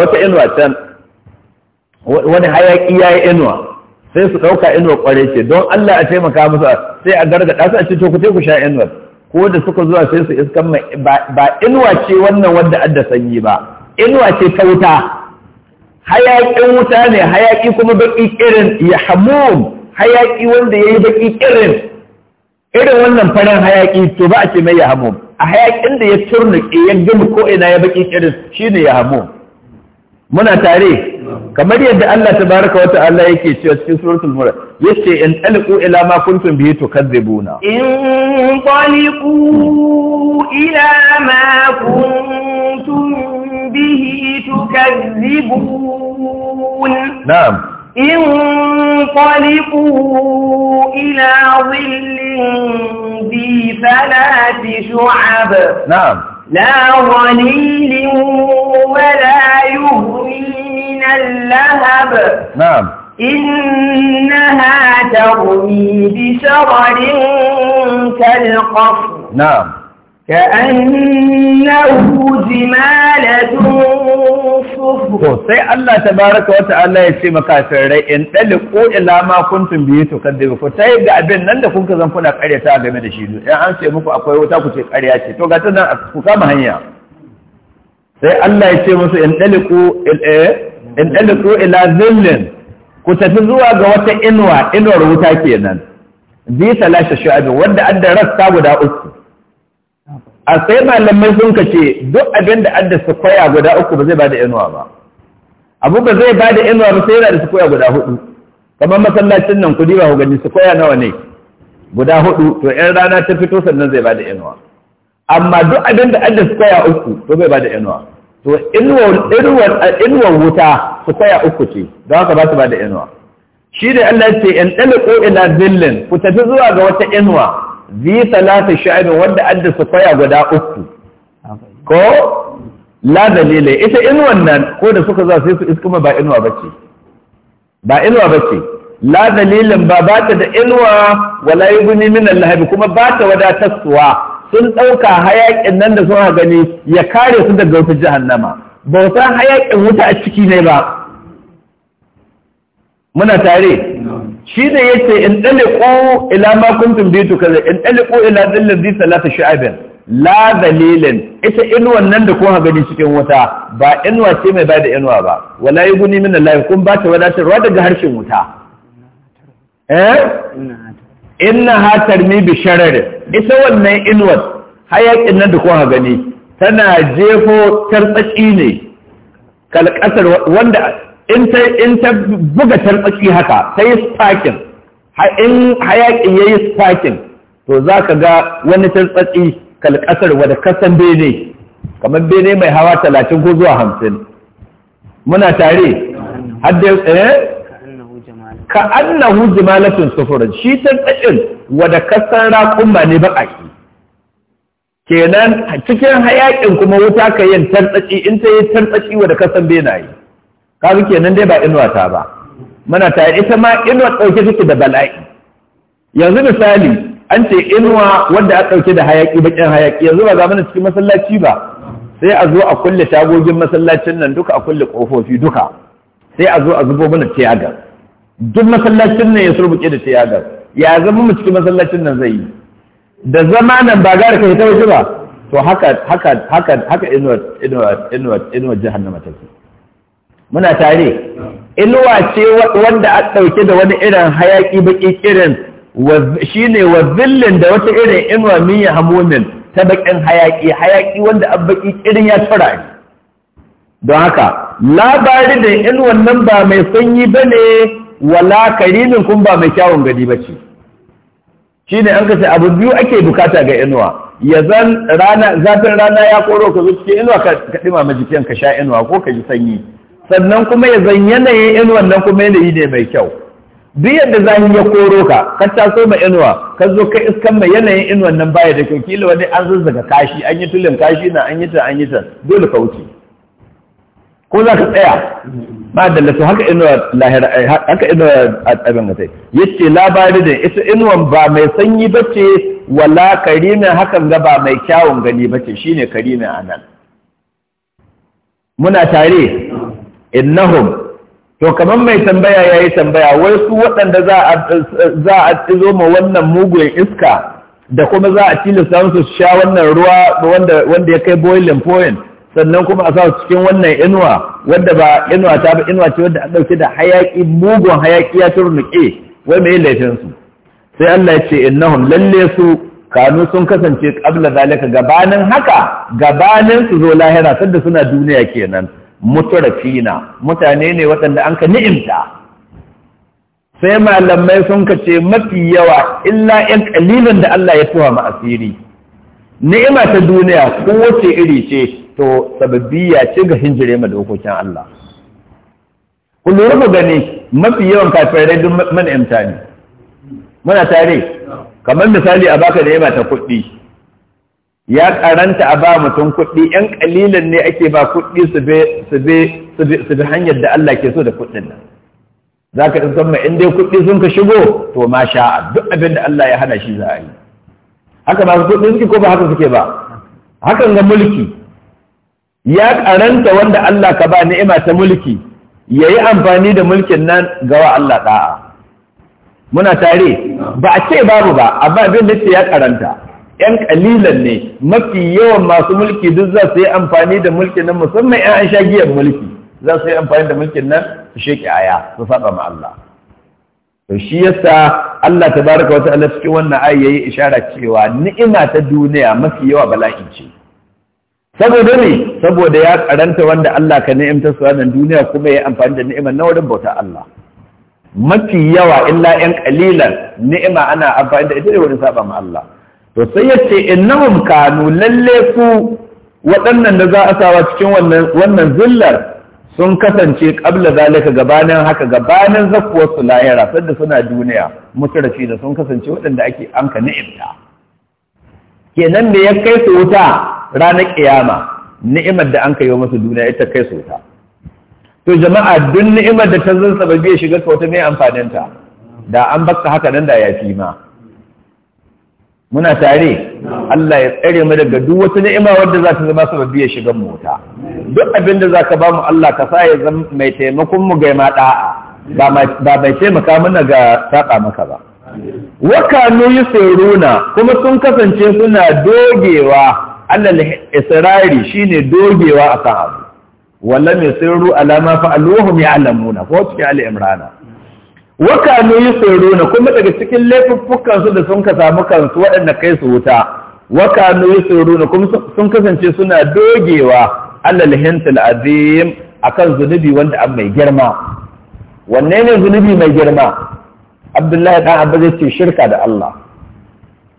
wata inuwa can wani hayaki ya yi inuwa sai su ɗauka inuwa ƙware ce don Allah a taimaka musu sai a gargaɗa su a ce to ku sha inuwa ko da suka zuwa sai su iskan ba inuwa ce wannan wadda adda sanyi ba inuwa ce ta wuta hayaƙin wuta ne hayaƙi kuma baƙi irin ya hamum hayaƙi wanda ya yi baƙi irin irin wannan farin hayaƙi to ba a ce mai ya hamum a hayaƙin da ya turnuke ya gama ina ya baƙi irin shi ne ya hamum muna tare kamar yadda Allah ta baraka wata Allah yake cewa cikin suratul mura yace in taliqu ila ma kuntum bihi tukadzibuna in taliqu ila ma kuntum تكذبون نعم انطلقوا إلى ظل ذي ثلاث شعب نعم لا ظليل ولا يغني من اللهب نعم إنها ترمي بشرر كالقصر نعم كأنه جمالة to sai Allah ta baraka wata Allah ya ce sarrai in ko ila ma kuntum bihi tukadibu ku tai ga abin nan da kuka zan kuna karyata game da shi in an ce muku akwai wuta ku ce karya ce to ga tunan ku kama hanya sai Allah ya ce musu in daliqu in ko eh, ila zillin ku tafi zuwa ga wata inuwa inuwar wuta kenan bi salasha shu'ab wanda adda rasta guda uku a sai malamai sun ce duk abin da adda su koya guda uku ba zai bada inuwa ba abu ba zai bada inuwa ba sai yana da su koya guda hudu kamar masallacin nan kudi ba ku gani su koya nawa ne guda hudu to yan rana ta fito sannan zai bada inuwa amma duk abin da adda su koya uku to bai bada inuwa to inuwar wuta su koya uku ce don haka ba su bada inuwa shi da Allah ce in ɗaliƙo ila zillin ku tafi zuwa ga wata inuwa zi salata sha'ibin wanda an kwaya guda uku ko la dalila ita inuwan nan ko da suka za su su kuma ba inuwa bace ba inuwa bace la dalilin ba ba ta da inuwa wala yuguni min al kuma ba ta wadatarsuwa sun ɗauka hayakin nan da sun gani ya kare su daga wutar jahannama ba san hayakin wuta a ciki ne ba muna tare shi ne ya ce in ko ila ma kuntum bi tukaza in ko ila zai salata sha'abin la dalilin ita inuwan nan da kuma gani cikin wuta ba inuwa ce mai bada inuwa ba wala guni min layi kun ba ta wadatarwa daga harshen wuta eh inna ha tarmi bi sharar ita wannan inuwar hayakin nan da kuma gani tana jefo tartsaki ne kalƙasar wanda in ta in ta buga tarbaki haka ta yi sparking in hayakin ya yi sparking to za ka ga wani tartsaki kalkasar wadda kasan bene kamar bene mai hawa talatin ko zuwa hamsin muna tare eh? ka annahu jimalatun sufurin shi tartsakin wadda kasan raƙumma ne ba baƙaƙi kenan cikin hayakin kuma wuta ka tarbaki in ta yi tartsaki wadda kasan benaye kaga kenan dai ba inuwa ta ba muna ta ita ma inuwa ɗauke take da bala'i yanzu misali an ce inuwa wanda aka ɗauke da hayaƙi baƙin hayaƙi yanzu ba ga mana cikin masallaci ba sai a zo a kulle tagogin masallacin nan duka a kulle ƙofofi duka sai a zo a zubo mana tiyagar duk masallacin nan ya surbuke da tiyagar ya zama mu cikin masallacin nan zai yi da zama nan ba gara ka hita waje ba to haka haka haka haka inuwa inuwa inuwa inuwa jahannama take muna tare inuwa ce wanda a ɗauke da wani irin hayaƙi baƙi irin shi ne wa zillin da wata irin inuwa min hamomin ta baƙin hayaƙi hayaƙi wanda a baƙi irin ya tura don haka labari da inuwan nan ba mai sanyi ba ne wala karinin kun ba mai kyawun gani ba ce shi ne an kace abu biyu ake bukata ga inuwa ya zan rana zafin rana ya koro ka zuci inuwa ka ɗima majikin ka sha inuwa ko ka ji sanyi sannan kuma ya zan yanayin inuwan nan kuma yanayi ne mai kyau duk yadda zahi ya koro ka ka taso mai inuwa ka zo ka iskan mai yanayin inuwan nan baya da kyau kila wani an zazzaga kashi an yi tulin kashi na an yi ta an yi ta dole ka wuce ko za ka tsaya ba da lafi haka inuwa lahira eh, haka inuwa abin ga sai yace labari da ita inuwan ba mai sanyi bace wala karina hakan ga ba mai kyawun gani bace shine karina anan muna tare innahum to kamar mai tambaya yayi tambaya wai su waɗanda za a tizo ma wannan mugun iska da kuma za a tilasta su sha wannan ruwa wanda ya kai boiling point sannan kuma a sa cikin wannan inuwa wadda ba inuwa ta ba inuwa ce wadda an ɗauke da hayaki mugun hayaki ya turnuke wai mai laifinsu sai Allah ya ce innahum lalle su kanu sun kasance qabla zalika gabanin haka gabanin su zo lahira sanda suna duniya kenan mutarafina mutane ne waɗanda an ka ni'imta sai malamai sun ka ce mafi yawa illa ‘yan ƙalilin da Allah ya tuwa ma asiri ni'ima ta duniya kowace iri ce to sababiyya ce ga hinjire ma dokokin Allah ku lura gani mafi yawan kafirai duk mana ne muna tare kamar misali a baka ni'ima ta kuɗi ya karanta a ba mutum kuɗi ‘yan ƙalilan ne ake ba kuɗi su bi hanyar da Allah ke so da kuɗin nan za ka ɗin san in dai kuɗi sun ka shigo to ma sha duk abin da Allah ya hana shi za a yi haka ba su kuɗi suke ko ba haka suke ba hakan ga mulki ya karanta wanda Allah ka ba ni'ima ta mulki ya yi amfani da mulkin nan gawa Allah ɗa'a muna tare ba a ce babu ba amma abin da ya karanta 'yan kalilan ne mafi yawan masu mulki duk za su yi amfani da mulkin nan musamman 'yan an shagiyar mulki za su yi amfani da mulkin nan su sheke aya su saba ma Allah to shi yasa Allah tabaraka wa ta'ala cikin wannan ayi yayi ishara cewa ni'ima ta duniya mafi yawa bala'i ce saboda ne saboda ya karanta wanda Allah ka ni'imta su wannan duniya kuma yayi amfani da ni'imar na wurin bauta Allah mafi yawa illa 'yan kalilan ni'ima ana amfani da ita ne wurin saba ma Allah to sai ya ce innahum kanu lalle su waɗannan da za a sawa cikin wannan zillar sun kasance ƙabla zalika gabanin haka gabanin zakuwarsu lahira da suna duniya mushrafi da sun kasance waɗanda ake anka ni'imta kenan da ya kai su wuta ranar ƙiyama ni'imar da an kai wa masu duniya ita kai su wuta to jama'a duk ni'imar da ta zan sababi ya shiga ta wata mai amfaninta da an baka haka nan da ya fi ma muna tare Allah ya tsare mu daga duk wata ni'ima wadda za ta zama sababbi ya shiga mu wuta duk abin da zaka ba mu Allah ka sa ya zama mai taimakon mu ga mata ba bai taimaka mana ga saka maka ba wakanu yusiruna kuma sun kasance suna dogewa Allah israri shine dogewa akan abu wallam yusiru ala ma fa'aluhum ya'lamuna ko cikin al-imrana waka ne yi tsoro na kuma daga cikin laifuffukansu da sun ka samu kansu waɗanda kai su wuta waka ne yi tsoro na kuma sun kasance suna dogewa allal hintal azim akan zunubi wanda an mai girma wanne ne zunubi mai girma abdullahi dan abba zai ce shirka da Allah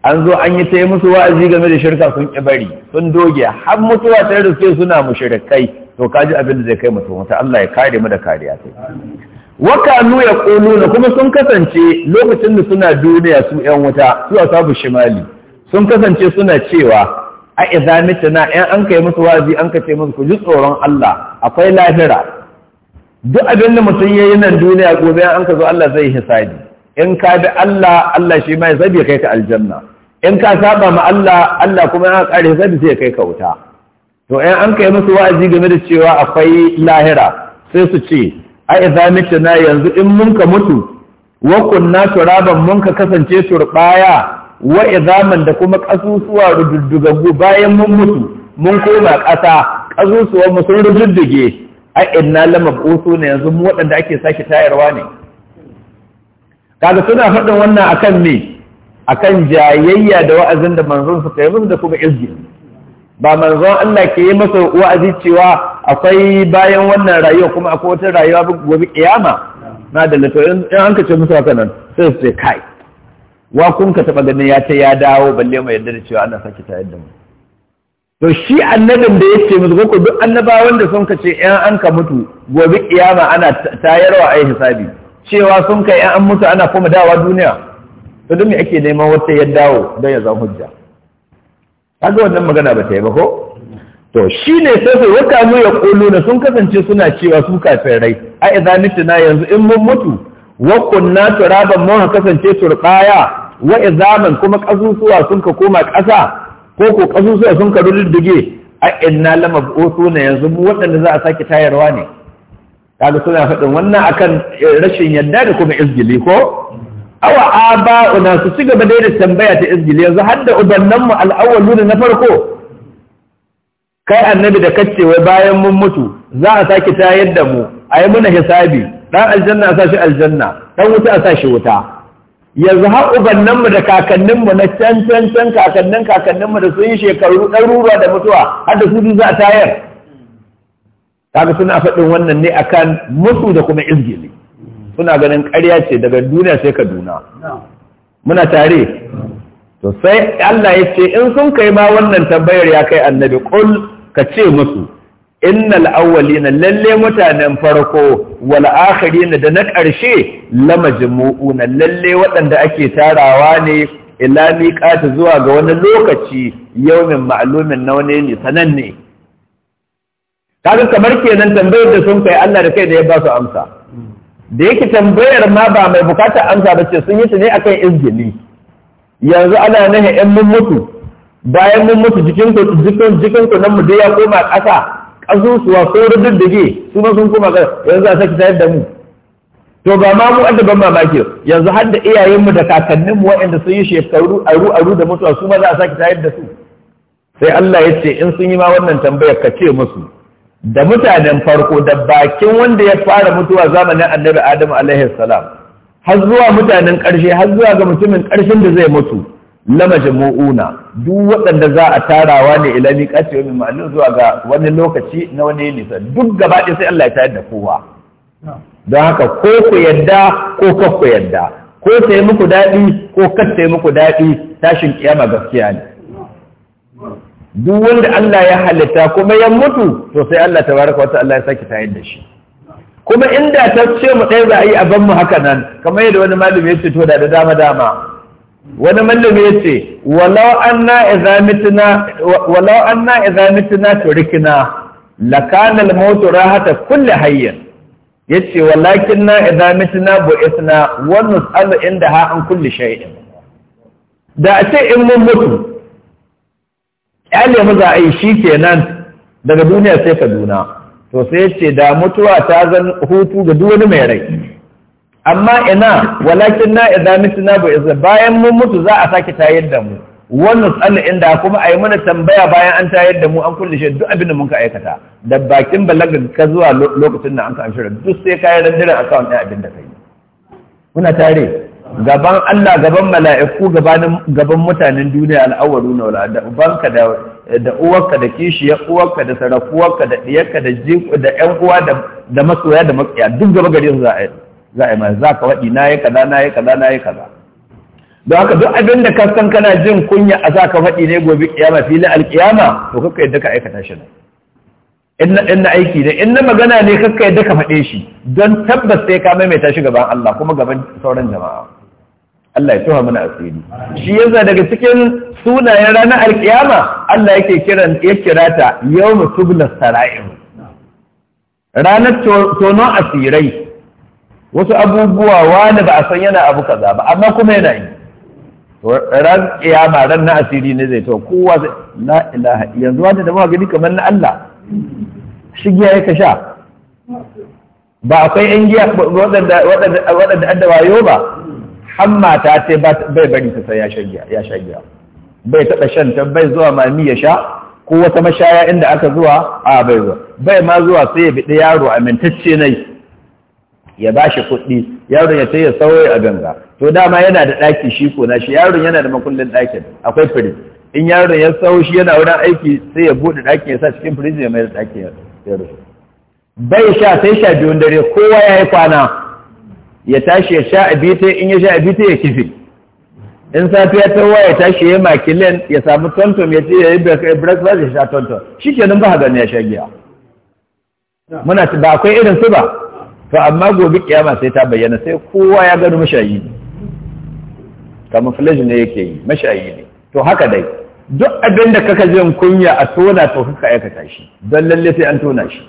an zo an yi ta musu wa'azi game da shirka sun ki bari sun doge har mutuwa ta da suke suna mushrikai to kaji abin da zai kai mutum wata Allah ya kare mu da kariya sai nu ya na kuma sun kasance lokacin da suna duniya su ƴan wuta su a sabu shimali sun kasance suna cewa a izamita na ‘yan an kai musu wazi an kace musu ku ji tsoron Allah akwai lahira duk abin da mutum yayi nan duniya gobe an ka zo Allah zai hisabi in ka bi Allah Allah shi mai zabi kai ka aljanna in ka saba ma Allah Allah kuma ya kare hisabi sai kai ka wuta to ‘yan an kai musu wazi game da cewa akwai lahira sai su ce a idza na yanzu in mun ka mutu wa kunna turaban mun ka kasance turbaya wa izaman da kuma kasusuwa rududdugaggu bayan mun mutu mun koma ƙasa kasusuwan mu sun rududduge a inna mabusu ne yanzu mu wadanda ake sake tayarwa ne kaga suna faɗin wannan akan me akan jayayya da wa'azin da manzon su kai musu da kuma izgi ba manzon Allah ke yi masa wa'azi cewa akwai bayan wannan rayuwa kuma akwai wata rayuwa gobe kiyama na da lato in an kace musu haka nan sai su ce kai wa kun ka taba ganin ya ce ya dawo balle mai yarda da cewa Allah saki ta yadda mu to shi annabin da yake musu ko duk annabawan wanda sun kace in an ka mutu gobe kiyama ana tayarwa ai hisabi cewa sun kai an mutu ana kuma dawa duniya to dun me ake neman wata ya dawo don ya zama hujja kaga wannan magana ba ta yi ba ko to ne sai sai waka mu ya na sun kasance suna cewa su kafin rai a idza mitna yanzu in mun mutu wa kunna turaban mun kasance turqaya wa izaman kuma kasusuwa sun ka koma ƙasa ko ko kasusuwa sun ka ruddige a inna na yanzu mu waɗanda za a saki tayarwa ne kaga suna faɗin wannan akan rashin yadda da kuma izgili ko awa aba'una su ci gaba dai da tambaya ta izgili yanzu har da ubannanmu al'awalu al'awwalu na farko kai annabi da kace wai bayan mun mutu za a sake tayar da mu a yi muna hisabi dan aljanna a sashi aljanna dan wuta a sashi wuta yanzu har ubannanmu da kakanninmu na can can can kakannin kakanninmu da sun yi shekaru ɗaruruwa da mutuwa har da su za a tayar kaga suna faɗin wannan ne akan mutu da kuma izgili suna ganin ƙarya ce daga duniya sai kaduna muna tare to sai Allah ya ce in sun kai ma wannan tambayar ya kai annabi ƙul ka ce musu innal na lalle mutanen farko wal na da na ƙarshe na lalle waɗanda ake tarawa ne ila miqati zuwa ga wani lokaci yawmin ma'alumin na wani ne sananne kaga kamar kenan tambayar da sun kai Allah da kai da ya ba su amsa da yake tambayar ma ba mai bukatar amsa ba ce sun yi shi ne akan izgili yanzu ana nahi yan mun mutu bayan mun mutu jikin ku jikin jikin ku nan mu dai ya koma ƙasa ƙasusuwa ko rududdige su ma sun koma ƙasa yanzu a saki tayar da mu to ba ma mu ban mamaki yanzu har da iyayenmu da kakanninmu waɗanda sun yi shekaru aru aru da mutuwa su ma za a saki tayar da su sai Allah ya ce in sun yi ma wannan tambayar ka ce musu da mutanen farko da bakin wanda ya fara mutuwa zamanin annabi adamu alaihi salam har zuwa mutanen ƙarshe har zuwa ga mutumin ƙarshen da zai mutu lama jamu'una duk waɗanda za a tarawa ne ila miƙati wa min zuwa ga wani lokaci na wani nisa duk gaba ɗaya sai Allah ya tayar da kowa don haka ko ku yadda ko kar yadda ko sai muku daɗi ko kar sai muku daɗi tashin kiyama gaskiya ne duk wanda Allah ya halitta kuma ya mutu to sai Allah tabaraka wa ta'ala ya saki tayar da shi kuma inda ta ce mu ɗaya za a yi a ban mu haka nan kamar yadda wani malami ya ce to da da dama dama wani malami ya ce walau anna idza mitna walau anna idza mitna turikna lakana al-maut rahata kulli hayyin yace walakin na idza mitna bu'ithna wa nus'alu inda ha an kulli shay'in da a ce in mun mutu ƙyale mu za a yi shi kenan daga duniya sai kaduna to sai ce da mutuwa ta zan hutu ga duk wani mai rai amma ina walakin na idan mutuna ba isa bayan mun mutu za a sake tayar da mu wannan tsalle inda kuma ayi mana tambaya bayan an tayar da mu an kulle shi duk abin da mun ka aikata da bakin balaga ka zuwa lokacin da an ka amshira duk sai yi randiran akan ɗaya abin da kai muna tare gaban Allah gaban mala'iku gaban mutanen duniya al'awaru na da ubanka da uwarka da ya uwarka da sarakuwarka da ɗiyarka da jinku da ‘yan uwa da masoya da makiya duk gaba gare su za a yi mai za ka waɗi na yi kaza na yi kaza na yi kaza don haka duk abin da kasan kana jin kunya a za ka faɗi ne gobe kiyama fili alkiyama to kakka yadda ka aikata shi ne in na aiki ne in na magana ne kakka yadda ka faɗe shi don tabbas sai ka maimaita shi gaban Allah kuma gaban sauran jama'a Allah ya tuha mana asiri shi yasa daga cikin sunayen ranar alkiyama Allah yake kiran ya kira ta yawmu tubla sara'im ranar tono asirai wasu abubuwa wani ba a san yana abu kaza ba amma kuma yana yi ran kiyama ran na asiri ne zai to kowa la ilaha yanzu wani da muka gani kamar na Allah shigiya ya sha ba akwai ingiya giya waɗanda waɗanda waɗanda addawa yau ba hamma ta ce bai bari ta sai ya sha giya bai taɓa shan ta bai zuwa mami ya sha ko wata mashaya inda aka zuwa a bai zuwa bai ma zuwa sai ya biɗi yaro amintacce nai ya ba shi kuɗi yaron ya ce ya sauya a ganga to dama yana da ɗaki shi ko na shi yaron yana da makullin ɗakin akwai firi in yaron ya sau shi yana wurin aiki sai ya buɗe ɗakin ya sa cikin firiji ya mai da ɗakin ya rufe bai sha sai sha biyun dare kowa ya yi kwana ya tashi ya sha abita in ya sha abita ya kifi in safiya ta ruwa ya tashi ya makilin ya samu tonton ya ce ya yi breakfast ya sha tonton shi ke nan ba ya sha giya muna ba akwai irin su ba to amma gobe kiyama sai ta bayyana sai kowa ya gano mashayi ne camouflage ne yake yi mashayi ne to haka dai duk abinda da kaka jin kunya a tona to kaka aikata shi don lalle sai an tona shi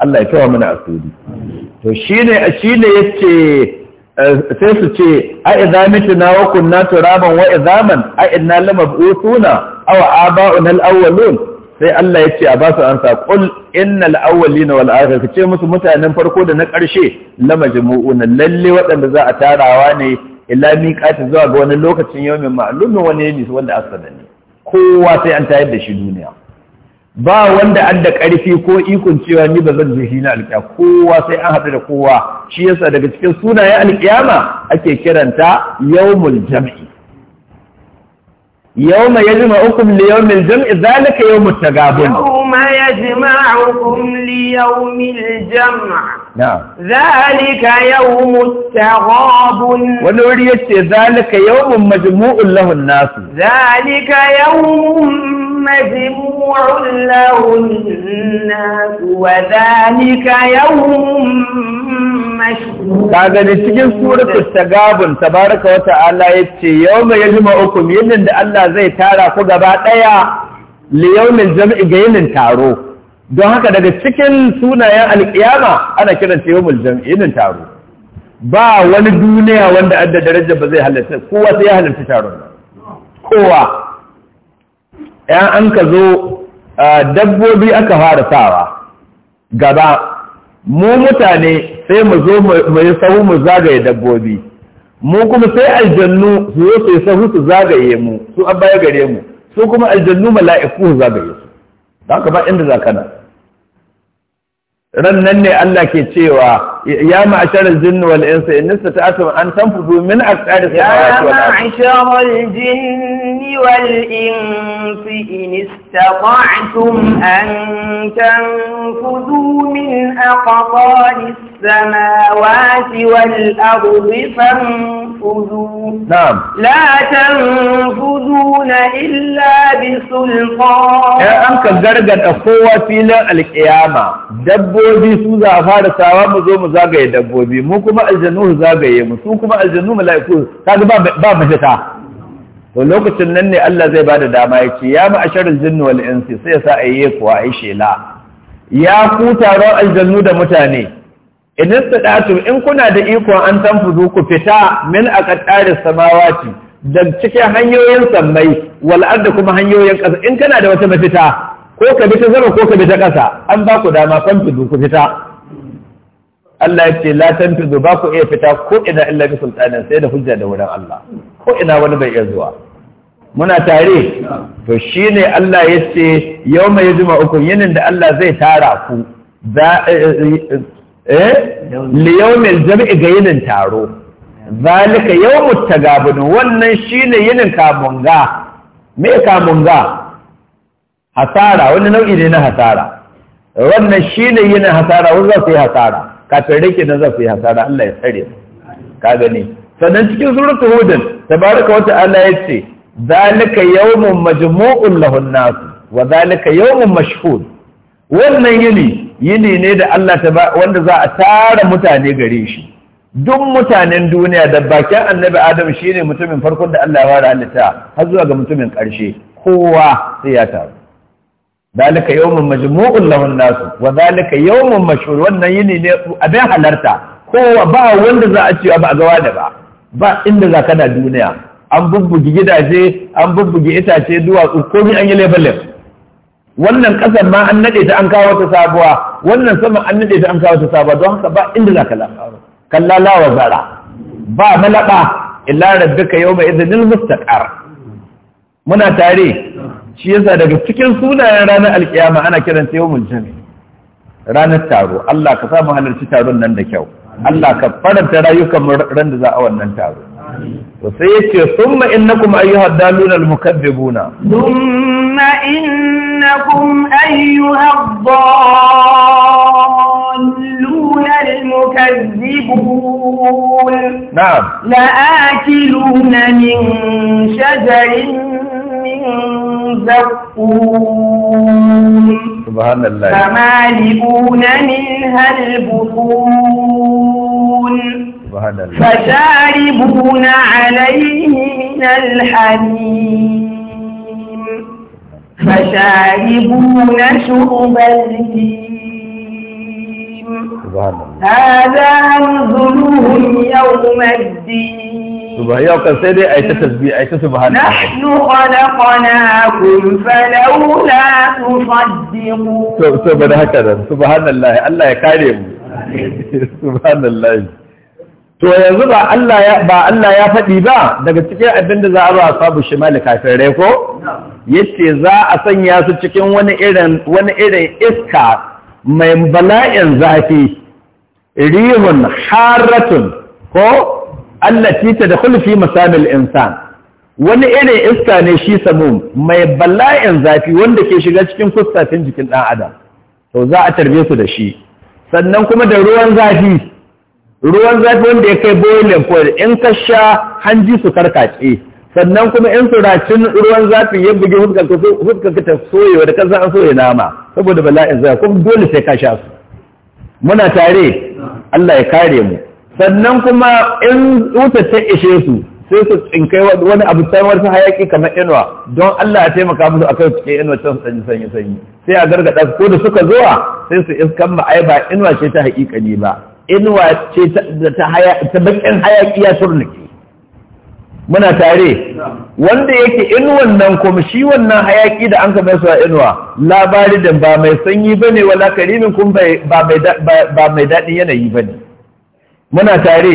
Allah ya kawo mana asiri to shine shine yace eh, sai su ce a idza mitna wa kunna turaban wa man, a inna lamab'utuna aw aba'una al sai Allah ya ce a ba su ansa qul innal na wal akhir ce musu mutanen farko da na karshe lamajmu'una lalle waɗanda za a tarawa ne illa ta zuwa ga wani lokacin yawmin ma'alumin wani ne wanda asana kowa sai an tayar da shi duniya ba wanda an da ƙarfi ko ikon cewa ni ba zan je shi na alƙiya kowa sai an haɗu da kowa shi yasa daga cikin sunayen alƙiyama ake kiranta yawmul jam'i yawma yajma'ukum li yawmil jam'i zalika yawmut tagabun yawma yajma'ukum li yawmil jam'i na zalika yawmut tagabun wani wuri yace zalika yawmun majmu'un lahun nasu zalika yawmun مجموع له الناس وذلك يوم kaga cikin suratul tagabun tabaraka wa ta'ala yace yawma yajma'ukum yinin da Allah zai tara ku gaba daya li yawmil jam'i ga yinin taro don haka daga cikin sunayen alkiyama ana kiran shi yawmul jam'i yinin taro ba wani duniya wanda adda daraja ba zai halarta kowa sai ya halarta taron kowa ‘ya’ an ka zo dabbobi aka fara sawa gaba mu mutane sai mu zo mu yi sahu mu zagaye dabbobi mu kuma sai aljannu su zo su yi sahu su zagaye mu su an baya gare mu su kuma aljannu mala'iku su zagaye su da ka ba inda za kana ran nan ne Allah ke cewa يا معشر الجن والإنس إن استطعتم أن تنفذوا من أقطار السماوات والأرض يا معشر الجن والإنس إن استطعتم أن تنفذوا من أقطار السماوات والأرض فانفذوا نعم لا تنفذون إلا بسلطان يا أنك جرجت القوة في القيامة دبوا بسوزة فارسة ومزوم zagaye dabbobi mu kuma aljanu zagaye mu su kuma aljanu mala'iku kaga ba ba mafita to lokacin nan ne Allah zai bada dama yake ya ma asharul jinni wal insi sai yasa ayye ku ai shela ya ku taro aljannu da mutane idan sadatu in kuna da iko an tanfudu ku fita min aqtaris samawati dan cikin hanyoyin sammai wal ardi kuma hanyoyin ƙasa in kana da wata mafita ko ka bi ta zama ko ka bi ta kasa an ba ku dama fanfudu ku fita Allah ya ce la tanfizu ba ku iya fita ko ina illa bi sultanin sai da hujja da wurin Allah ko ina wani bai iya zuwa muna tare to shine Allah ya ce yawma yajma ukum yinin da Allah zai tara ku za eh, eh, eh li yawmil jam'i ga yinin taro zalika yawmut tagabun wannan shine yinin kamunga me kamunga hasara wani nau'i ne na hasara wannan shine yinin hasara wanda zai hasara Kafin rike na zafi hasara Allah ya tsare ka gani sannan cikin suratul hudud tabaraka wa ta'ala yace zalika yawmun majmu'un lahun nas wa zalika yawmun mashhud wannan yini yini ne da Allah ta wanda za a tara mutane gare shi duk mutanen duniya da bakin annabi adam shine mutumin farkon da Allah ya ware halitta har zuwa ga mutumin karshe kowa sai ya taru zalika yawmun majmu'un lahun nasu wa zalika yawmun mashhur wannan yini ne abin halarta kowa ba wanda za a cewa ba a gawa da ba ba inda za kana duniya an bubbuge gidaje an bubbuge itace duwatsu komai an yi lebalin wannan kasar ma an nade ta an kawo ta sabuwa wannan sama an nade ta an kawo ta sabuwa don haka ba inda za ka lafa kallala wa zara ba malaba illa rabbika yawma idhinil mustaqar muna tare shi yasa daga cikin sunayen ranar alkiyama ana kiran ta yawmul jami ranar taro Allah ka samu halarci taron nan da kyau Allah ka faranta rayukan ran da za a wannan taro to sai yace summa innakum ayyuhad daluna al buna. إنكم أيها الضالون المكذبون نعم لآكلون من شجر من زقوم سبحان الله فمالئون منها البطون سبحان الله فشاربون عليه من الحميم فشاربون شرب الهيم هذا نزلهم يوم الدين نحن خلقناكم فلولا تصدقون سبحان الله الله يكرم سبحان الله to yanzu ba Allah ya ba Allah ya faɗi ba daga cikin abin da za a ba sabu shimal kafirai ko yace za a sanya su cikin wani irin wani irin iska mai bala'in zafi rihun haratun ko Allah ta dakhulu fi masamil insan wani irin iska ne shi samum mai bala'in zafi wanda ke shiga cikin kustatin jikin dan adam to za a tarbe su da shi sannan kuma da ruwan zafi ruwan zafi wanda ya kai boiling point in ka sha hanji su karkace sannan kuma in suracin ruwan zafi ya bugi huskar ka ta soyewa da kansa an soye nama saboda bala'in zai kuma dole sai ka sha su muna tare Allah ya kare mu sannan kuma in wuta ta ishe su sai su tsinkai wani abu sai wani hayaki kamar inuwa don Allah ya taimaka musu a kai cikin inuwa can sanyi sanyi sanyi sai a gargada su ko da suka zuwa sai su iskan ma'aiba inuwa ce ta haƙiƙani ba inuwa ce ta bakin hayaki ya turniki muna tare wanda yake inuwan nan kuma shi wannan hayaki da an kama suwa inuwa labari da ba mai sanyi ba ne wala karimin kun ba mai daɗin yanayi ba ne muna tare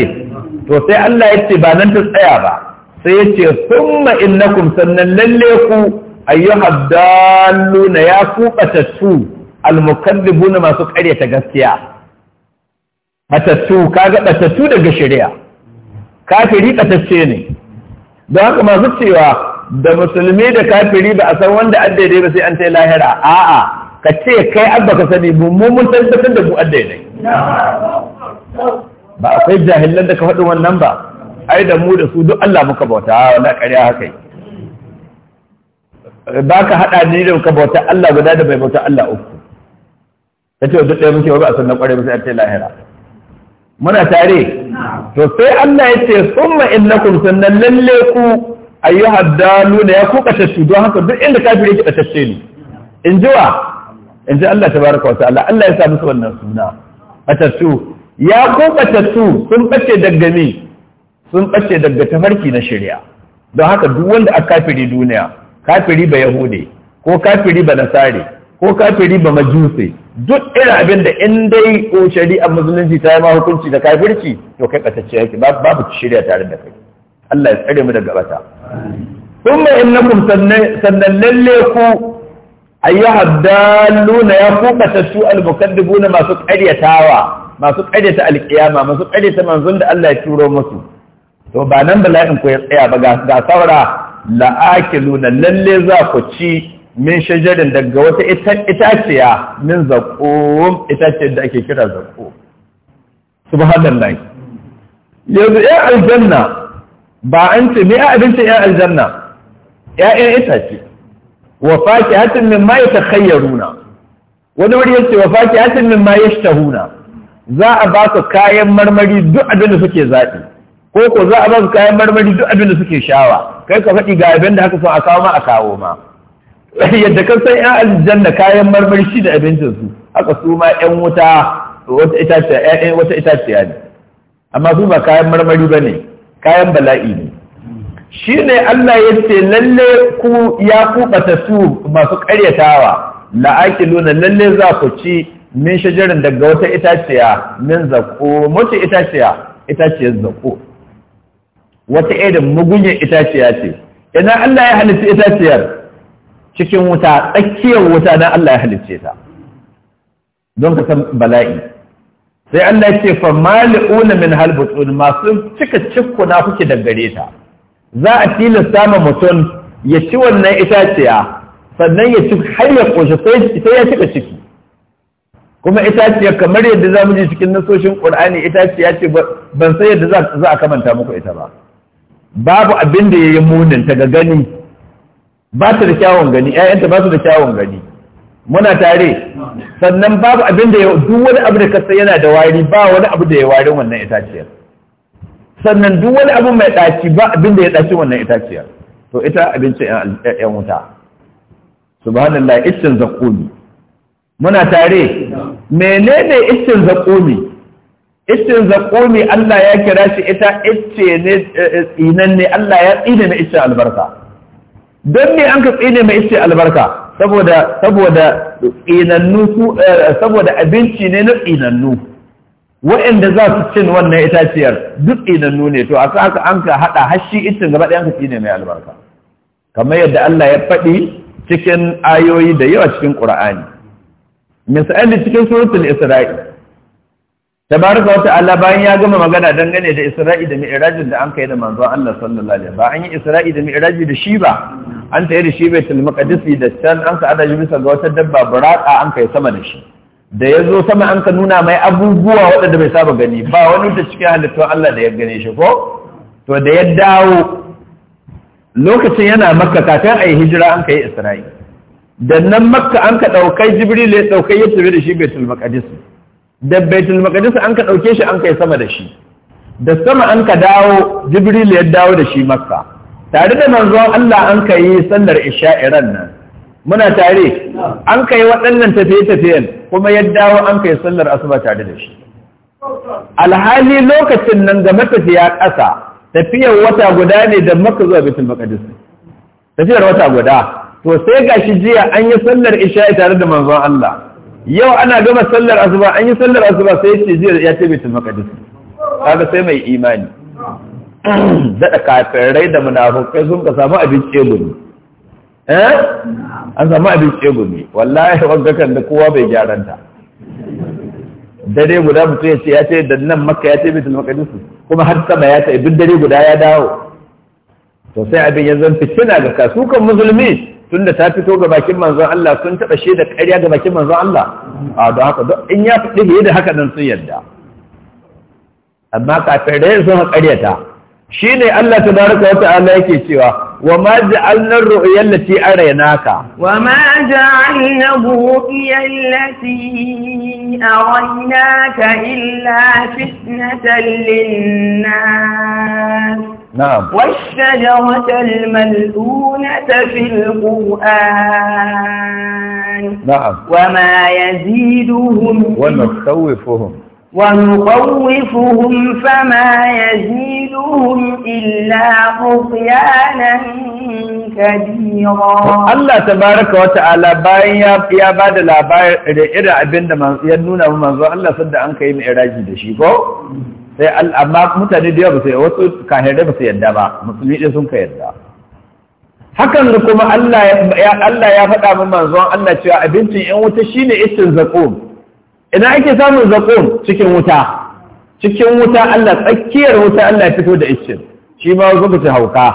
to sai Allah ya ce ba nan ta tsaya ba sai ya ce summa innakum sannan lalle ku ayyuhad na ya ku batattu na masu ta gaskiya batattu kaga batattu daga shari'a kafiri batacce ne don haka masu cewa da musulmi da kafiri ba a san wanda addaidai ba sai an ta lahira a'a ka ce kai abba ka sani mu mun tabbatar da mu addaidai ba akwai jahilan da ka faɗi wannan ba ai da mu da su duk Allah muka bauta wala ƙarya haka ba ka haɗa ni da muka bauta Allah guda da bai bauta Allah uku ka ce wa duk ɗaya muke ba a san na ƙware ba sai an ta lahira muna tare to sai Allah ya ce summa innakum sannan lalle ku ayyuha daluna ya ku katattu don haka duk inda kafiri yake katacce in ji wa in ji Allah tabaraka wa ta'ala Allah ya sa musu wannan suna katattu ya ku katattu sun bace daga me sun bace daga tafarki na shari'a don haka duk wanda a kafiri duniya kafiri ba yahude ko kafiri ba nasare ko kafiri ba majusi duk irin abin da in dai ko shari'ar musulunci ta yi ma hukunci da kafirci to kai ɓatacce yake babu shirya tare da kai Allah ya tsare mu daga bata na innakum sannan lalle ku ayyuha dalluna ya ku batattu almukaddibuna masu ƙaryatawa masu ƙaryata alƙiyama masu ƙaryata manzon da Allah ya turo musu to ba nan bala'in ku ya tsaya ba ga saura la'akiluna lalle za ku ci min shajarin daga wata itaciya min zaƙo itaciyar da ake kira zaƙo subhanallah yanzu 'yan aljanna ba an ce me abincin 'yan aljanna ya'yan itace wa hatin min ma yatakhayyaruna wani wuri yace wa hatin min ma yashtahuna za a ba su kayan marmari duk abin da suke zaɓi ko ko za a ba su kayan marmari duk abin da suke shawa kai ka faɗi ga abin da aka so a kawo ma a kawo ma yadda kan san yan aljanna kayan marmari shi da abincin su haka su ma yan wuta wata itaciya ƴaƴan wata itaciya ne amma su ba kayan marmari bane kayan bala'i ne shine Allah ya ce lalle ku ya kubata su masu ƙaryatawa la'akiluna lalle za ku ci min shajarin daga wata itaciya min zaqum wata itaciya itaciyar zaqum wata irin mugunyar itaciya ce ina Allah ya halitta itaciyar cikin wuta tsakiyar wuta na Allah ya halicce ta don ka san bala'i sai Allah ce fa mali'una min halbutun masu cika na kuke dangare ta za a tilasta ma mutum ya ci wannan itaciya sannan ya ci har ya koshi sai ya cika ciki kuma itaciya kamar yadda za mu ji cikin nasoshin ƙur'ani itaciya ce ban sai yadda za a kamanta muku ita ba babu abin da ya yi munin ta ga gani ba ta da kyawun gani ƴaƴanta ba su da kyawun gani muna tare sannan babu abin da duk wani abu da kasa yana da wari ba wani abu da ya wari wannan itaciyar sannan duk wani abu mai ɗaci ba abin da ya ɗaci wannan itaciyar to ita abincin ƴan wuta subhanallah iccin zakumi muna tare menene iccin zakumi iccin zakumi Allah ya kira shi ita icce ne eh, eh, tsinan ne Allah ya tsine na iccin albarka don ne an ka tsine mai iske albarka eh, saboda abinci ne na tsinannu waɗanda za su cin wannan itaciyar duk tsinannu ne to a aka haka an ka haɗa hashi itin gaba ɗaya an ka tsine mai albarka kamar yadda Allah ya faɗi cikin ayoyi da yawa cikin ƙura'ani misali cikin suratul Isra'i tabaraka wata Allah bayan ya gama magana dangane da Isra'i da mi'irajin da an kai da manzon Allah sallallahu alaihi wa sallam, ba an yi Isra'i da Mi'raj da shi ba an tsaye da shi baitul maqdisi da can an ka adaji bisa ga wata dabba buraka an kai sama da shi da ya zo sama an ka nuna mai abubuwa wadanda bai saba gani ba wani da cikin halittun Allah da ya gane shi ko to da ya dawo lokacin yana makka kafin a yi hijira an kai isra'i da nan makka an ka ɗaukai jibril ya ɗaukai ya tafi da shi baitul maqdis da baitul maqdis an ka ɗauke shi an kai sama da shi da sama an ka dawo jibril ya dawo da shi makka tare da manzon Allah an ka yi sallar isha'iran nan muna tare an ka yi waɗannan tafiye-tafiyen kuma ya dawo an ka yi sallar asuba tare da shi alhali lokacin nan ga matafiya ƙasa tafiyar wata guda ne da maka zuwa bitin makadis tafiyar wata guda to sai ga shi jiya an yi sallar isha'i tare da manzon Allah yau ana gama sallar asuba an yi sallar asuba sai ya jiya ya ce bitin makadis kaga sai mai imani daɗa kafirai da munafukai sun ka samu abin tsegumi eh? an samu abin tsegumi wallahi waggakan da kowa bai gyaranta dare guda mutum ya ce ya ce da nan makka ya ce bitul maqdis kuma har sama ya ce duk dare guda ya dawo to sai abin ya zan fitina ga kasukan musulmi tunda ta fito ga bakin manzon Allah sun shi da ƙarya ga bakin manzon Allah a don haka don in ya faɗi da haka nan sun yadda. amma kafin kafirai sun ƙaryata shine Allah tabaraka wa ta'ala yake cewa wa ma ja'alna ruya allati araynaka wa ma ja'alna ruya allati araynaka illa fitnatan lin-nas na'am wash-shajarata al-mal'unata fil-qur'an na'am wa ma yaziduhum wa nakhawifuhum ونخوفهم فما يزيدهم إلا طغيانا كبيرا الله تبارك وتعالى باين يا بعد لا باين إذا أبند ya nuna mu manzo Allah صد an kai mai iraji da shi ko sai amma mutane da yawa ba sai wasu kahirai ba su yadda ba musulmi sun ka yadda hakan da kuma Allah ya faɗa min manzon Allah cewa abincin in wuta shine ittin zaƙo. ina ake samun zakum cikin wuta cikin wuta Allah tsakiyar wuta Allah ya fito da ishin shi ma kuka ce hauka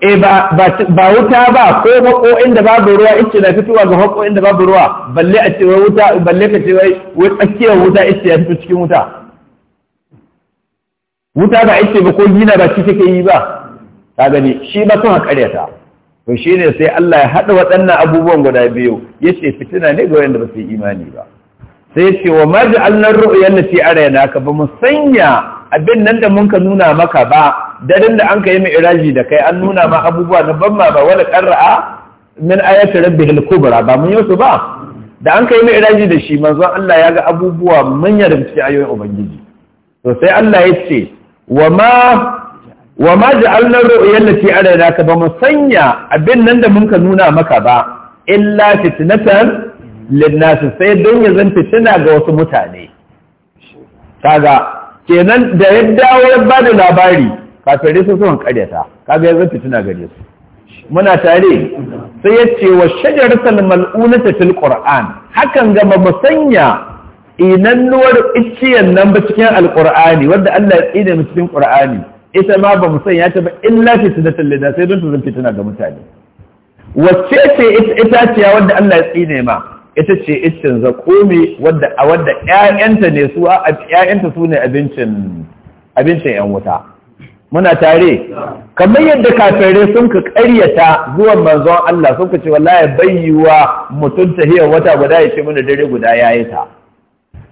eh, ba wuta ba ko hako inda babu ruwa ishin na fitowa ga hako inda babu ruwa balle a cewa wuta balle ka cewa wai tsakiyar wuta ishin ya fito cikin wuta wuta ba ishin ba ko gina ba shi take yi ba ka gani shi ba kuma karyata to shine sai Allah ya hada waɗannan abubuwan guda biyu yace fitina ne ga wanda ba su yi imani ba sai ce wa maj'alnar ru'yan lati arayna ka ba mu sanya abin nan da mun ka nuna maka ba Darin da an ka yi mai iraji da kai an nuna ma abubuwa na ban ma ba wani qarra'a min ayati rabbihil kubra ba mun yi yosu ba da an ka yi mai iraji da shi manzon Allah ya ga abubuwa mun da cikin ayoyin ubangiji to sai Allah ya ce wa ma wa ma ja'alna ru'yan lati arayna ka ba mu sanya abin nan da mun ka nuna maka ba illa fitnatan linnasu sai don ya zanta tana ga wasu mutane kaga kenan da ya dawo ya bada labari kafin sun sun karyata kaga ya zanta tana gare su muna tare sai ya ce wa salmal unata fil qur'an hakan gama musanya sanya inannuwar iciyan nan ba cikin alqur'ani wanda Allah ya tsine mu cikin qur'ani ita ma ba mu ya ta ba illa fitnatul lida sai don ta zanta tana ga mutane wacce ce ita ciya wanda Allah ya tsine ma ita ce iccen zakomi wadda a wadda ƴaƴanta ne su ƴaƴanta su ne abincin abincin ƴan wuta muna tare kamar yadda kafare sun ka ƙaryata zuwan manzon Allah sun ka ce wallahi bayyuwa mutum tahiyar wata guda ya ce dare guda yayi ta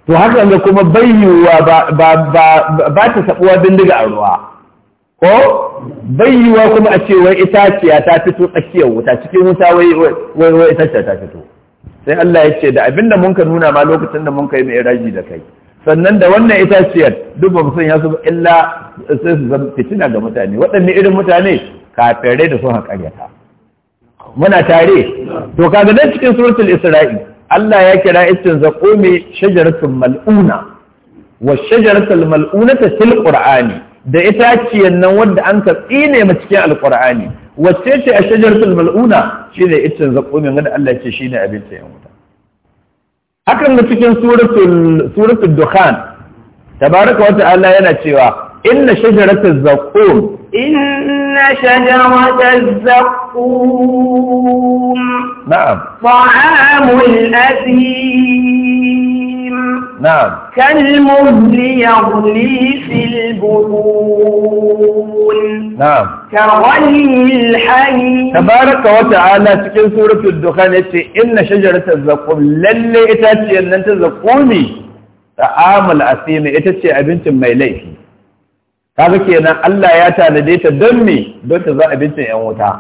to haka ne kuma bayyuwa ba ba ba ta sabuwa bindiga a ruwa ko bayyuwa kuma a ce wai itaciya ta fito tsakiyar wuta cikin wuta wai wai itaciya ta fito sai Allah ya ce da abinda mun ka nuna ma lokacin da mun kai mai iraji da kai sannan da wannan itaciyar duk ba mu sanya su illa sai su zama fitina ga mutane waɗanne irin mutane kafirai da sun haƙaryata muna tare to kaga nan cikin suratul isra'i Allah ya kira iccin zaƙo mai shajaratul mal'una wa shajaratul mal'una ta fil qur'ani da itaciyar nan wadda an ka tsine ma cikin alqur'ani wacce ce a shajaratul mal'una shine iccen zakumin wanda Allah ce shine abin yan wuta hakan da cikin suratul suratul dukhan tabaraka wa ta'ala yana cewa inna shajaratul zakum inna shajaratul zakum na'am ta'amul azim نعم كالمهل يغلي في البطون نعم كغلي الحي تبارك وتعالى cikin suratul dukhan yace inna shajaratal zaqum lalle itaciyar nan ta zaqumi ita ce abincin mai laifi kaga kenan Allah ya tanade ta don me don ta za abincin yan wuta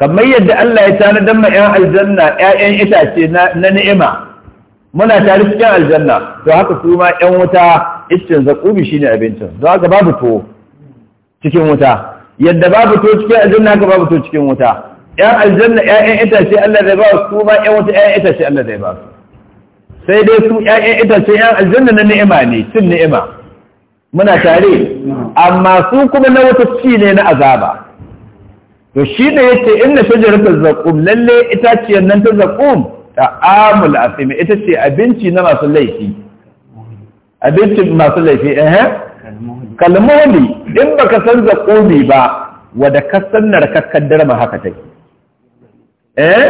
kamar yadda Allah ya tanadar ma yan aljanna ƴaƴan itace na ni'ima muna tare cikin aljanna to haka su ma ƴan wuta iccen zakubi shine abincin don haka babu to cikin wuta yadda babu to cikin aljanna haka babu to cikin wuta ƴan aljanna ƴaƴan itace Allah zai ba su ma ƴan wuta ƴaƴan itace Allah zai ba su sai dai su ƴaƴan itace ƴan aljanna na ni'ima ne cin ni'ima muna tare amma su kuma na wuta ci ne na azaba to shi ne yace inna shajaratul zaqum lalle itaciyar nan ta zaqum ta'amul asimi ita ce abinci na masu laifi abinci masu laifi eh kalmoli in baka san zakomi ba wada kasan narkakkan darma haka take eh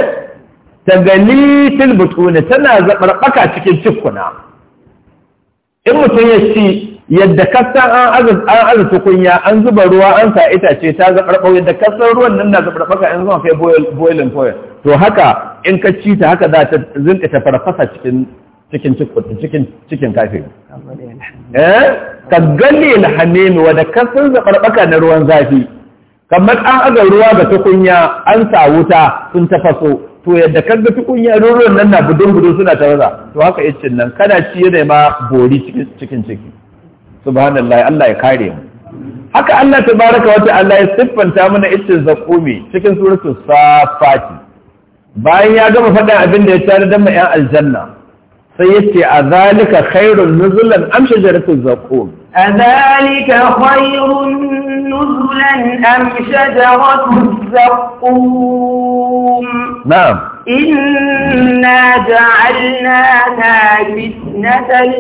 tagalitil butune tana zabarbaka cikin cikuna in mutum ya ci yadda kasan an azu tukunya an zuba ruwa an sa itace ta zabarbau yadda kasan ruwan nan na zabarbaka in zuwa kai boiling point to haka in ka ci ta haka za ta zinka ta farfasa cikin cikin cikin cikin kafe eh ka galle alhamim wa da kasan zabarbaka na ruwan zafi kamar an aga ruwa ga tukunya an sa wuta sun tafaso to yadda kaga tukunya ruwan nan na budun budun suna tarza to haka yaccin nan kana ci yana ma bori cikin ciki subhanallahi Allah ya kare mu haka Allah tabaraka wa ta'ala ya siffanta mana iccin zakumi cikin suratul safati bayan ya gama faɗin abin da ya tare da ma'yan aljanna sai ya ce a zalika khairun nuzulan am shajaratun zakum a zalika khairun nuzulan am shajaratun zakum na'am inna ja'alnaha fitnatan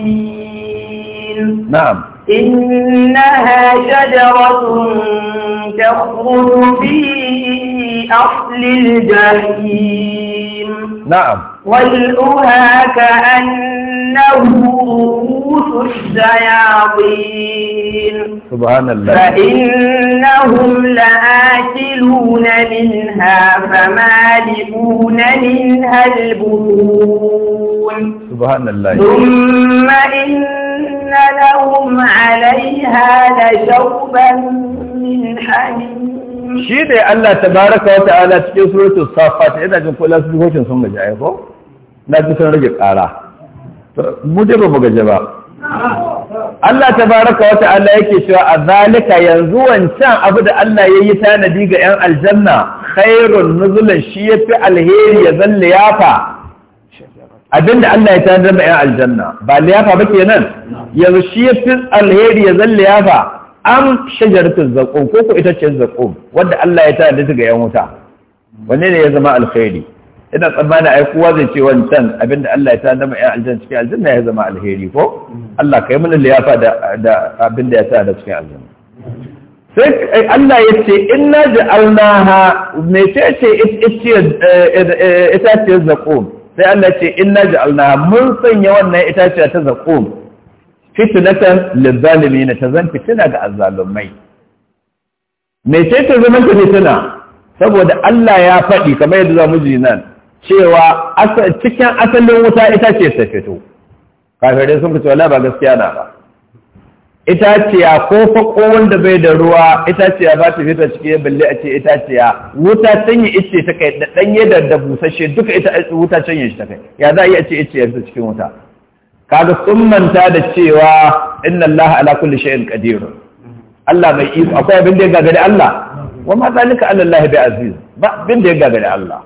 lil إنها شجرة تخرج في أصل الجحيم نعم والأها كأنه رؤوس الشياطين سبحان الله فإنهم لآكلون منها فمالئون منها البطون سبحان الله ثم إن إن لهم عليها لشوبا من حميم shi ne Allah ta tabaraka wa ta'ala cikin suratul safat ina jin kula su hocin sun gaji ai ko na ji sun rage ƙara mu dai ba mu gaji ba Allah ta baraka wa ta'ala yake cewa a zalika yanzu wancan abu da Allah ya yi tanadi ga 'yan aljanna khairun nuzulan shi ya fi alheri ya zalle yafa Abin da Allah ya tanadar da 'yan aljanna ba liyafa ba ke nan? yanzu shi ya fi alheri ya zan liyafa am shajaratun zaƙon ko ku ita ce zaƙon Wadda Allah ya tanadar ga 'yan wuta wanne ne ya zama alheri ina tsammanin ai kowa zai ce wancan abin da Allah ya tanadar da 'yan aljanna cikin aljanna ya zama alheri ko Allah ka kai mana liyafa da abin da ya ya da cikin aljanna sai Allah ya ce in inna ja'alnaha mece ce ita ce zaƙon sai Allah ce inna ja'alna mun sanya wannan itaciya ta zakum fitnatan lizalimin ta zan fitina ga azzalumai me ce ta zama ta fitina saboda Allah ya faɗi kamar yadda zamu ji nan cewa cikin asalin wuta itace ta fito kafirai sun ce wala ba gaskiya na ba itaciya ko fako wanda bai da ruwa itaciya ba ta fita cikin balle a ce itaciya wuta canye ice ta kai da danye da da busashe duka ita wuta canye shi ta kai ya za a yi a ce ice ya fita cikin wuta kaga sun manta da cewa inna Allah ala kulli shay'in qadir Allah mai iko akwai abin da ya gagari Allah wa ma zalika ala Allah bi aziz ba abin da ya gagari Allah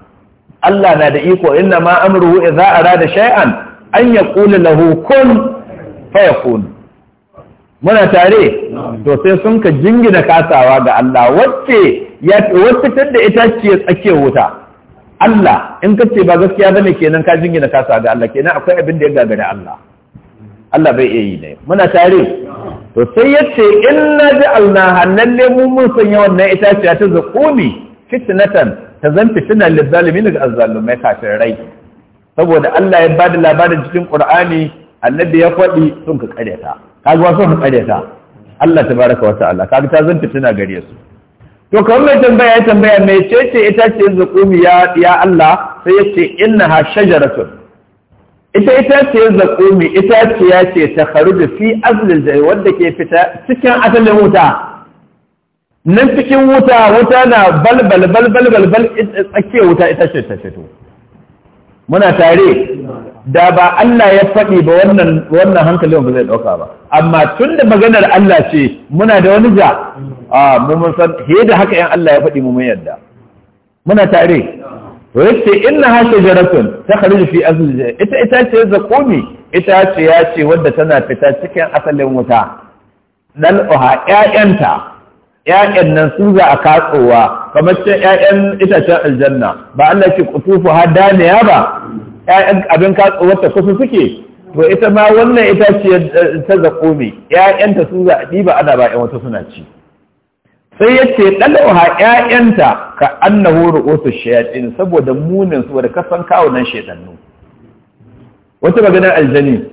Allah na da iko inna ma amruhu idza arada shay'an an yaqula lahu kun fayakun muna tare to sai sun ka jingina kasawa ga Allah wacce ya wacce da ita ce tsakiyar wuta Allah in ka ce ba gaskiya bane kenan ka jingina kasawa ga Allah kenan akwai abin da ya gagara Allah Allah bai iya yi ne muna tare to sai yace inna ja'alna hannalle mu mun sanya wannan ce ta zakumi fitnatan ta zan fitina lizzalimin ga azzalumai rai, saboda Allah ya bada labarin cikin Qur'ani annabi ya faɗi sun ka karyata kaga wasu su tsare ta Allah tabaraka wa ta'ala kaga ta zanta tana gare su to kawai mai tambaya ya tambaya mai ce ce ita ce zakumi ya ya Allah sai ya ce innaha shajaratun ita ita ce zakumi ita ce ya ce ta kharuju fi azlil jahim wanda ke fita cikin asalin wuta nan cikin wuta wuta na balbal balbal balbal tsakiyar wuta ita ce ta fito muna tare da ba Allah ya faɗi ba wannan wannan hankalin ba zai ɗauka ba amma tun da maganar Allah ce muna da wani ja a mu mun san he da haka yan Allah ya faɗi mu mun yadda muna tare to yace inna ha shajaratun takhruju fi asli ita ita ce zakumi ita ce ya ce wanda tana fita cikin asalin wuta dal uha ƴaƴanta ‘ya'yan nan su za a katsowa kamar ce ‘ya'yan itacen aljanna ba Allah ce kutufu har daniya ba ƴaƴan abin wata kusa suke to ita ma wannan ita ce eh, ta zaƙo mai ƴaƴanta su za a ɗiba ana ba wata suna ci sai ya ce ɗalauha ƴaƴanta ka horo ru'usu shayatin saboda munin su da kasan kawunan shaidannu wata maganar aljani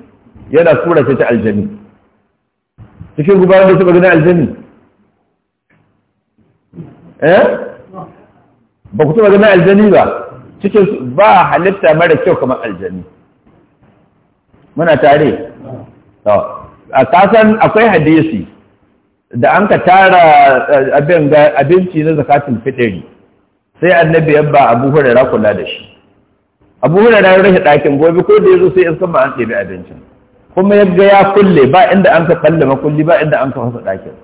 yana sura ta aljani cikin gubarar da su maganar aljani eh ba ku ta maganar aljani ba cikin ba halitta mara kyau kamar aljani muna tare a kasan akwai hadisi da an ka tara eh, abinci na zakatun fitiri sai annabi ba abu hurara kula da shi abu hurara ya rashe ɗakin gobe ko da ya zo sai ya sama an ɗebi abincin kuma ya ga ya kulle ba inda an ka kallama makulli ba inda an ka fasa ɗakin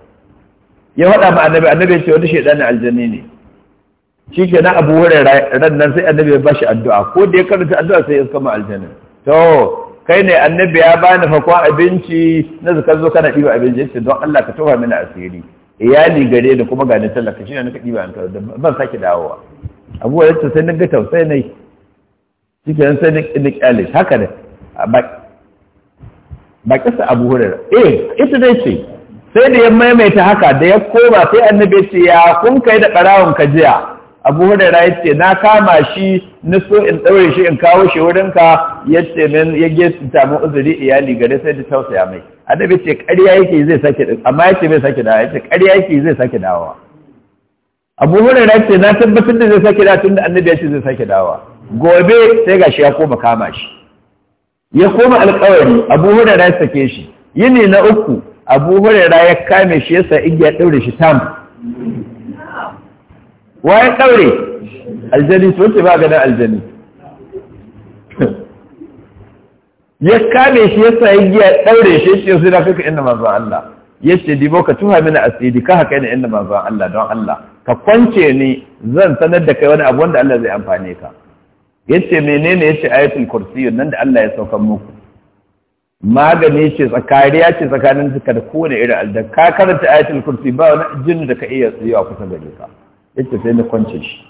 ya faɗa ma annabi annabi ya ce wani shaidanin aljanni ne shi ke na abu wurin rannan sai annabi ya bashi addu'a ko da ya karanta addu'a sai ya kama aljanna to kai ne annabi ya bani fakwa abinci na zuka zo kana ɗiba abinci sai don Allah ka tofa mini asiri iyali gare da kuma gani tallaka shi ne na ɗiba an tawo ban sake dawowa abu wurin ta sai na ga tausayi ne shi ke sai na ƙyale haka ne ba kisa abu wurin eh ita dai ce sai da ya maimaita haka da ya koma sai annabi ce ya kun kai da ɓarawon jiya. abu hurera ya ce na kama shi na so in ɗaure shi in kawo shi wurinka ya ce min ya gesa tamu uzuri iyali gare sai da tausaya mai annabi ce ƙarya yake zai sake amma ya ce bai sake dawa ya ce ƙarya yake zai sake dawa. abu hurera ya ce na tabbatar da zai sake dawa tun da annabi ya ce zai sake dawa. gobe sai gashi ya koma kama shi ya koma alƙawari abu hurera ya sake shi yini na uku abu hurera ya kame shi ya sa igiya ɗaure shi tam wayan ɗaure aljani to ce ba ganin aljani ya kame shi ya sa giya ɗaure shi ya ce sai da kaka inda manzon Allah ya ce dibo ka tuha mini asiri ka haka ni inda manzon Allah don Allah ka kwance ni zan sanar da kai wani abu wanda Allah zai amfane ka ya ce menene ya ce ayatul kursiyu nan da Allah ya saukan muku magani ce tsakariya ce tsakanin ka da kowane irin aljanna ka karanta ayatul kursi ba wani jin da ka iya tsayawa kusa da ka yace sai na kwance shi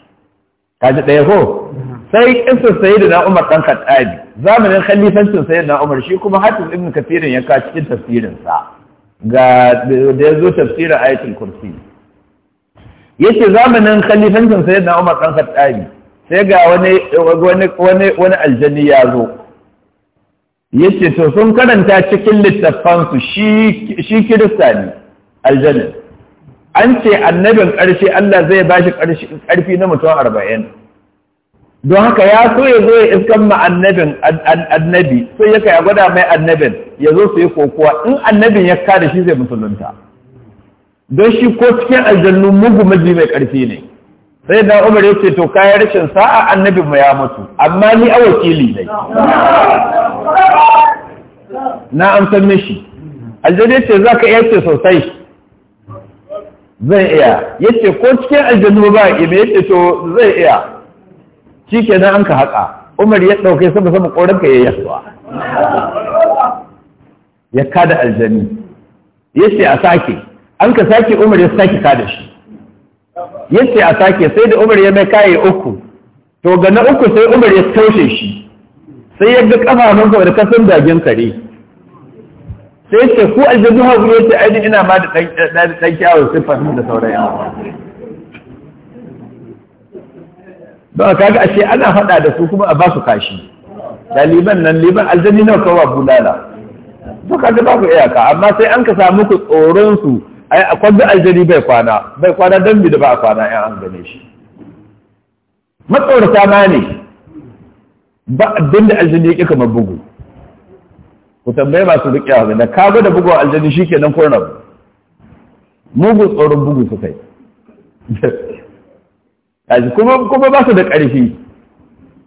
kaji ɗaya ko sai kisar sayi da umar ɗan kaɗaɗi zamanin khalifancin sayi da umar shi kuma hafiz ibn kafirin ya ka cikin tafsirinsa ga da ya zo tafsirin ayatul kursi yace zamanin khalifancin sayi da umar ɗan kaɗaɗi sai ga wani aljani ya zo yace to sun karanta cikin littafansu shi shi kirista ne aljanin an ce annabin ƙarshe Allah zai ba shi ƙarfi na mutum arba'in don haka ya so ya zo ya iskan ma annabin annabi sai ya kai gwada mai annabin ya zo su yi kokowa in annabin ya kada shi zai musulunta don shi ko cikin aljannu mugu maji mai ƙarfi ne sai da umar ya ce to kayan rashin sa'a annabin mu ya mutu amma ni a wakili ne na san mishi aljanna ce za ka iya ce sosai zai iya yace ko cikin aljannu ba ime yace to zai iya shikenan an ka haka Umar ya dauke sama sama koran ka yi yasuwa ya kada Ya yace a sake an ka sake Umar ya sake kada shi yace a sake sai da Umar ya mai kai uku to ga na uku sai Umar ya taushe shi sai ya ga kafa nan da kasan dagin kare sai ce ku aljannu ha ku yace aini ina ma da dan dan kyawu fahimta da sauran yawa ba kaga ashe ana faɗa da su kuma a ba su kashi daliban nan liban aljanni nawa kawa bulala to kaga ba ku iyaka amma sai an ka samu ku tsoron su ai akwai aljani bai kwana bai kwana dan bi da ba a kwana in an gane shi matsorata ma ne ba abinda aljani yake kamar bugu ku tambaye masu riƙewa da ka da bugu aljani shi ke nan kun rabu Mugu tsoron bugu su kai kuma ba su da ƙarfi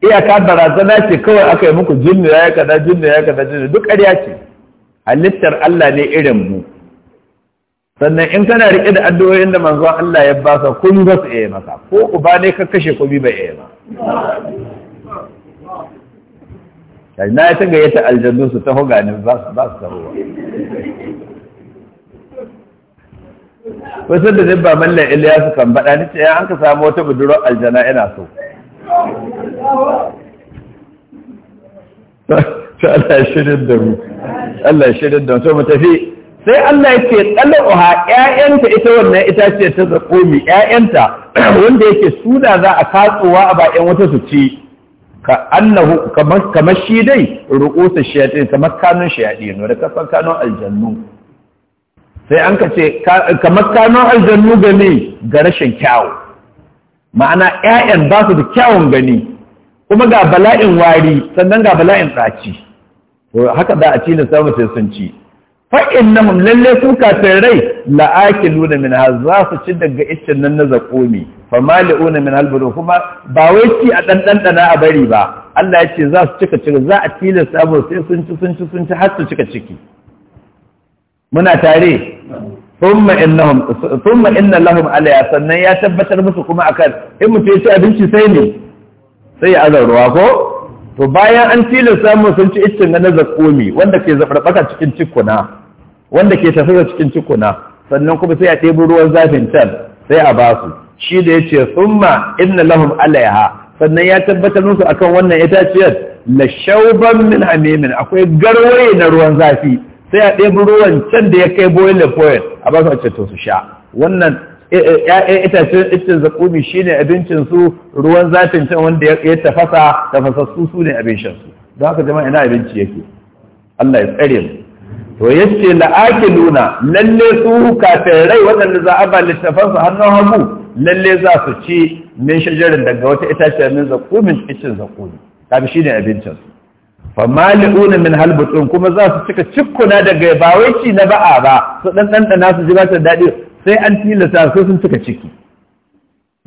iyaka barazana ce kawai aka yi muku jinni ya kada jinni ya kada jinni duk ƙarya ce halittar Allah ne irin mu sannan in kana riƙe da addu'o'in da manzon Allah ya ba sa kun za su iya maka ko uba ne ka kashe ko bi bai iya ma na yata ta gayyata aljannu su taho gani ba su taho ba wasu da ba mallan iliya su kan baɗa ni ce an ka samu wata budurwar aljana yana so Allah shirin da mu Allah shirin da mu to mu tafi sai Allah ya ce ɗala'uha ‘ya'yanta ita wannan itace ta zaƙomi ‘ya'yanta wanda yake suna za a katsuwa a bayan wata su ci ka annahu kamar kamar shi dai ru'usa shayatin kamar kanun shayatin da kafan kanun aljannu sai an ka kamar kanun aljannu gani ga rashin kyawu ma'ana ƴaƴan ba su da kyawun gani kuma ga bala'in wari sannan ga bala'in tsaci to haka da a ci samu sai sun fa'innahum lalle su kafirai la'akiluna min za su ci daga iccen nan na zakomi una min halbudu kuma ba wai ci a dan a bari ba Allah ya ce za su cika ciki za a tilasta mu sai sun ci sun ci sun ci har su cika ciki muna tare thumma innahum thumma inna lahum alayha sannan ya tabbatar musu kuma akan in mutum ya ci abinci sai ne sai ya azar ruwa ko to bayan an tilasta samun sun ci iccen na zakomi wanda ke zabarbaka cikin cikuna wanda ke tafasa cikin cikuna sannan kuma sai a ɗebi ruwan zafin can sai a basu shi da ya ce summa inna lahum alaiha sannan ya tabbatar musu akan wannan itaciyar la shauban min hamimin akwai garwaye na ruwan zafi sai a ɗebi ruwan can da ya kai boiler point a basu a ce to su sha wannan Eh, eh, ya'yan itacen itin zakumi shine abincin su ruwan zafin can wanda ya tafasa tafasassu su ne abincin su Za haka jama'a ina abinci yake Allah ya tsare mu to yace la'akiluna lalle su kafin rai waɗanda za a ba littafan su hannun hagu lalle za su ci min shajarin daga wata itaciyar min zakumin itin zakumi kafi shine abincin su fa min halbutun kuma za su cika cikkuna daga ba wai ci na ba'a ba su dan dan su ji ba su daɗi sai an tilasta sai sun cika ciki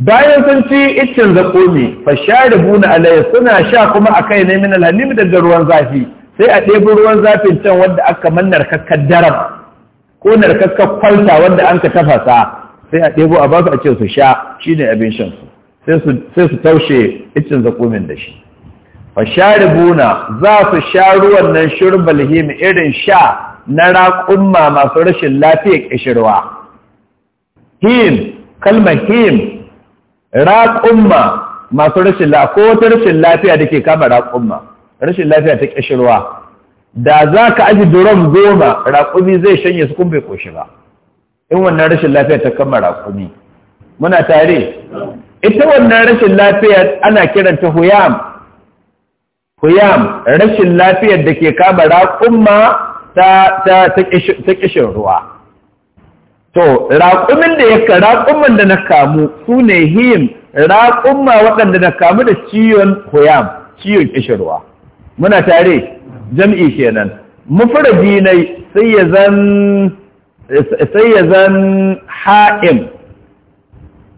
bayan sun ci iccen zaƙo ne share buna alayya suna sha kuma a kai ne min alhalim daga ruwan zafi sai a ɗebi ruwan zafin can wanda aka man narkakkar daram ko narkakkar kwalta wanda an ka tafasa sai a ɗebo a basu a ce su sha shi ne abin shan su sai su taushe iccen zaƙo da shi Fa share buna za su sha ruwan nan shirbal him irin sha na raƙumma masu rashin lafiyar ƙishirwa him kalmar him raƙumma masu rashin lafiya ko wata rashin lafiya da ke kama raƙumma rashin lafiya ta kishirwa da za ka aji duron goma raƙumi zai shanye su kun bai ƙoshi ba in wannan rashin lafiya ta kama raƙumi muna tare ita wannan rashin lafiya ana kiranta huyam huyam rashin lafiyar da ke kama raƙumma ta ƙishin ruwa to raƙumin da ya ka raƙumin da na kamu su ne him raƙumma waɗanda na kamu da ciyon huyam ciyon kishirwa muna tare jam'i kenan mufradi ne sai ya zan sai ya zan ha'im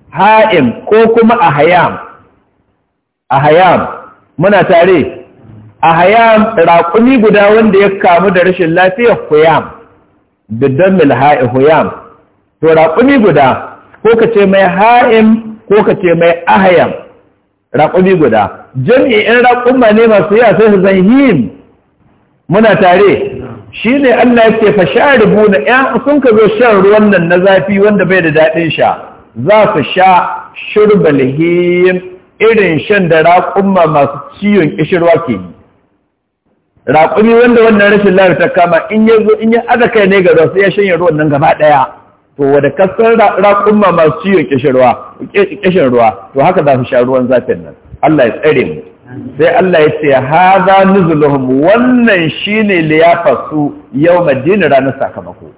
ha'im ko kuma a hayam. muna tare a hayam raƙumi guda wanda ya kamu da rashin lafiyar huyam bidan milha'i huyam to raƙumi guda ko ka ce mai ha'im ko ka ce mai ahayam raƙumi guda Jami'in in raƙumma ne masu a sai su zan him muna tare shi ne Allah yake fa rubu na ƴan sun ka zo shan ruwan nan na zafi wanda bai da daɗin sha za su sha shirbal him irin shan da raƙumma masu ciwon ƙishirwa ke yi raƙumi wanda wannan rashin lafiya ta kama in ya zo in ya aza kai ne ga zasu ya shanye ruwan nan gaba ɗaya to wada kasar raƙumma masu ciwon kishin ruwa to haka za su sha ruwan zafin nan Allah ya tsare mu sai Allah ya ce haza nuzuluhum wannan shine liyafar su yau madina ranar sakamako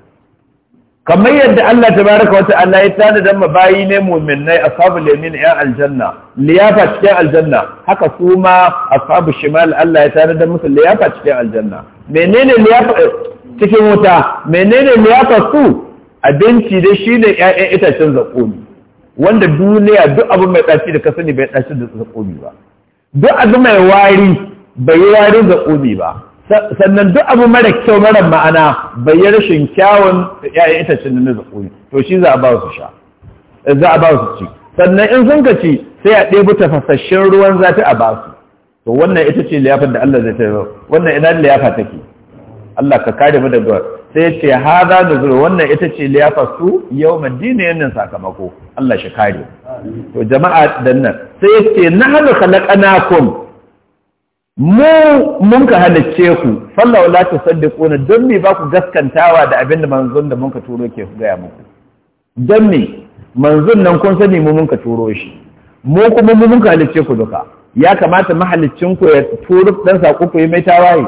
kamar yadda Allah ta tabaraka wata Allah ya tada dan mabayi ne a sabu yamin ya aljanna liyafa cikin aljanna haka su ma ashabu shimal Allah ya tada dan musu liyafa cikin aljanna menene liyafa eh, cikin wuta menene liyafa su abinci dai shine 'ya'yan itacen zaƙoni wanda duniya duk abin mai ɗaci da ka sani bai ɗaci da zaƙoni ba duk abin mai wari bai yi warin zaƙoni ba sannan duk abu mara kyau mara ma'ana bai yi rashin kyawun 'ya'yan itacen da na zaƙoni to shi za a ba su sha za a ba su ci sannan in sun ka ci sai a ɗebo tafasasshen ruwan zafi a ba su to wannan ita ce liyafar da Allah zai ba. wannan ina liyafa take Allah ka kare mu daga sai ce hada da zuru wannan ita ce liyafar su yau madina yannan sakamako Allah shi kare to jama'a dan nan sai ce na hada khalaqanakum mu mun ka halicce ku sallahu la tusaddiquna don me ba ku gaskantawa da abin da manzon da mun ka turo ke gaya muku don me manzon nan kun sani mu mun ka turo shi mu kuma mu mun ka halicce ku duka ya kamata mahalicin ku ya turo dan sako ku yi mai tawaye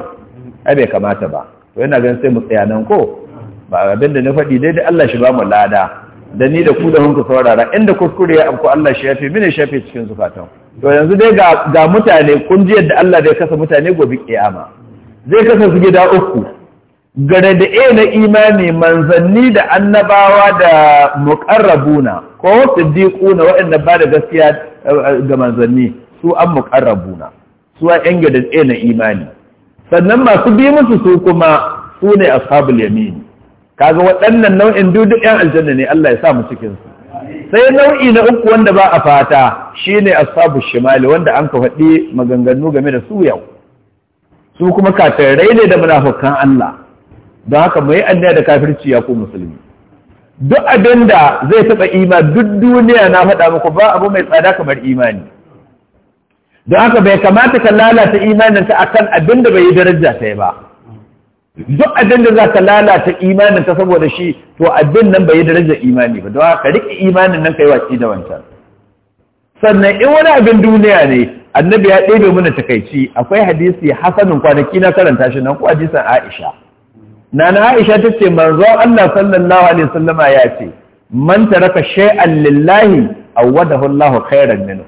ai bai kamata ba to yana ganin sai mu tsaya nan ko ba abin da na faɗi daidai Allah shi ba mu lada da ni da ku da hunku saurara inda kuskure ya afku Allah shi fi mini shafe cikin zukatan to yanzu dai ga mutane kun ji yadda Allah zai kasa mutane gobe kiyama zai kasa su gida uku gare da e na imani manzanni da annabawa da muqarrabuna ko siddiquna waɗanda ba da gaskiya eh, ga manzanni su an muqarrabuna su an gada e na imani sannan masu bi musu su kuma su ne ashabul yamin kaga waɗannan nau'in duk yan aljanna ne Allah ya sa mu cikin su sai nau'i na uku wanda ba a fata shine ashabu shimali wanda an ka faɗi maganganu game da su yau su kuma kafirai ne da munafikan Allah don haka mu yi annaya da kafirci ya ku musulmi duk abinda zai taɓa ima duk duniya na faɗa muku ba abu mai tsada kamar imani don haka bai kamata ka lalata imaninka akan abin da bai yi daraja ta ba duk abin da za ka lalata imaninka saboda shi to abin nan bai yi daraja imani ba don haka rike imanin nan ka yi watsi da wancan sannan in wani abin duniya ne annabi ya ɗebe mana takaici akwai hadisi hasanin kwanaki na karanta shi nan ko hadisin aisha nana aisha ta ce manzon allah sallallahu alaihi wasallama ya ce man taraka shay'an lillahi awwadahu allah khairan minhu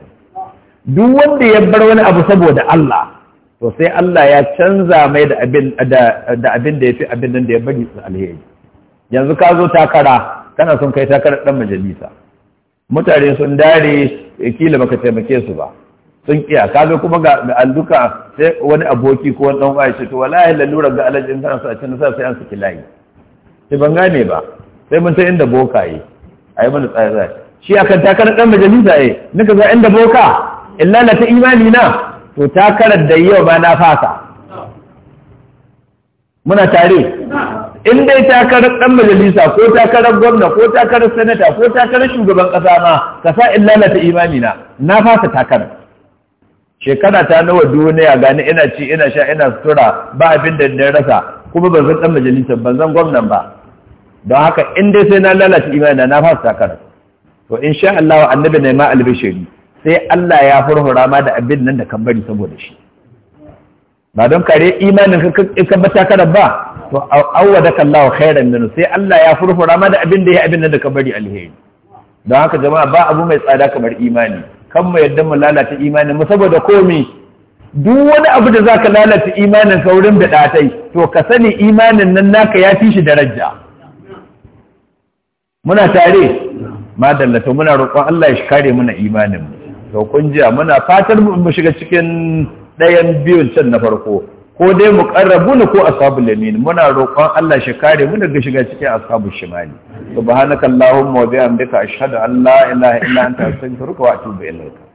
duk wanda ya bar wani abu saboda Allah to sai Allah ya canza mai da abin da abin da yafi abin da ya bari su alheri yanzu ka zo takara kana son kai takarar dan majalisa mutane sun dare kila baka taimake su ba sun kiya ka zo kuma ga alduka sai wani aboki ko wani dan uwa ya to wallahi lalura ga alaji in kana so a ci sa sai an saki layi sai ban gane ba sai mun ta inda bokaye ayi mana tsaya tsaya shi akan takarar dan majalisa eh nika za inda boka in lalata imani na to takarar da yau ba na fasa muna tare in dai takarar dan majalisa ko takarar gwamna ko karar sanata ko karar shugaban kasa ma ka sa in lalata imani na na fasa takarar shekara ta nawa duniya gani ina ci ina sha ina sutura ba abin da na rasa kuma ban san dan majalisa, ban san gwamnan ba don haka in dai sai na lalace imani na fasa karar to insha Allah annabi ne ma albishiri sai Allah ya furhura ma da abin nan da kan bari saboda shi ba don kare imanin ka bata kada ba to awwada kallahu khairan minhu sai Allah ya furhura ma da abin da ya abin nan da kan bari alheri don haka jama'a ba abu mai tsada kamar imani kan mu yadda mu lalata imanin mu saboda komi duk wani abu da zaka lalata imanin ka wurin da tai to ka sani imanin nan naka ya fi shi daraja muna tare madalla muna roƙon Allah ya kare mana imanin mu to kunjiya muna fatar mu shiga cikin ɗayan biyun can na farko ko dai mu ne ko ashabul yamin muna roƙon Allah shi kare mu daga shiga cikin ashabul shimali subhanakallahumma wa bihamdika ashhadu an la ilaha illa anta astaghfiruka wa atubu ilaik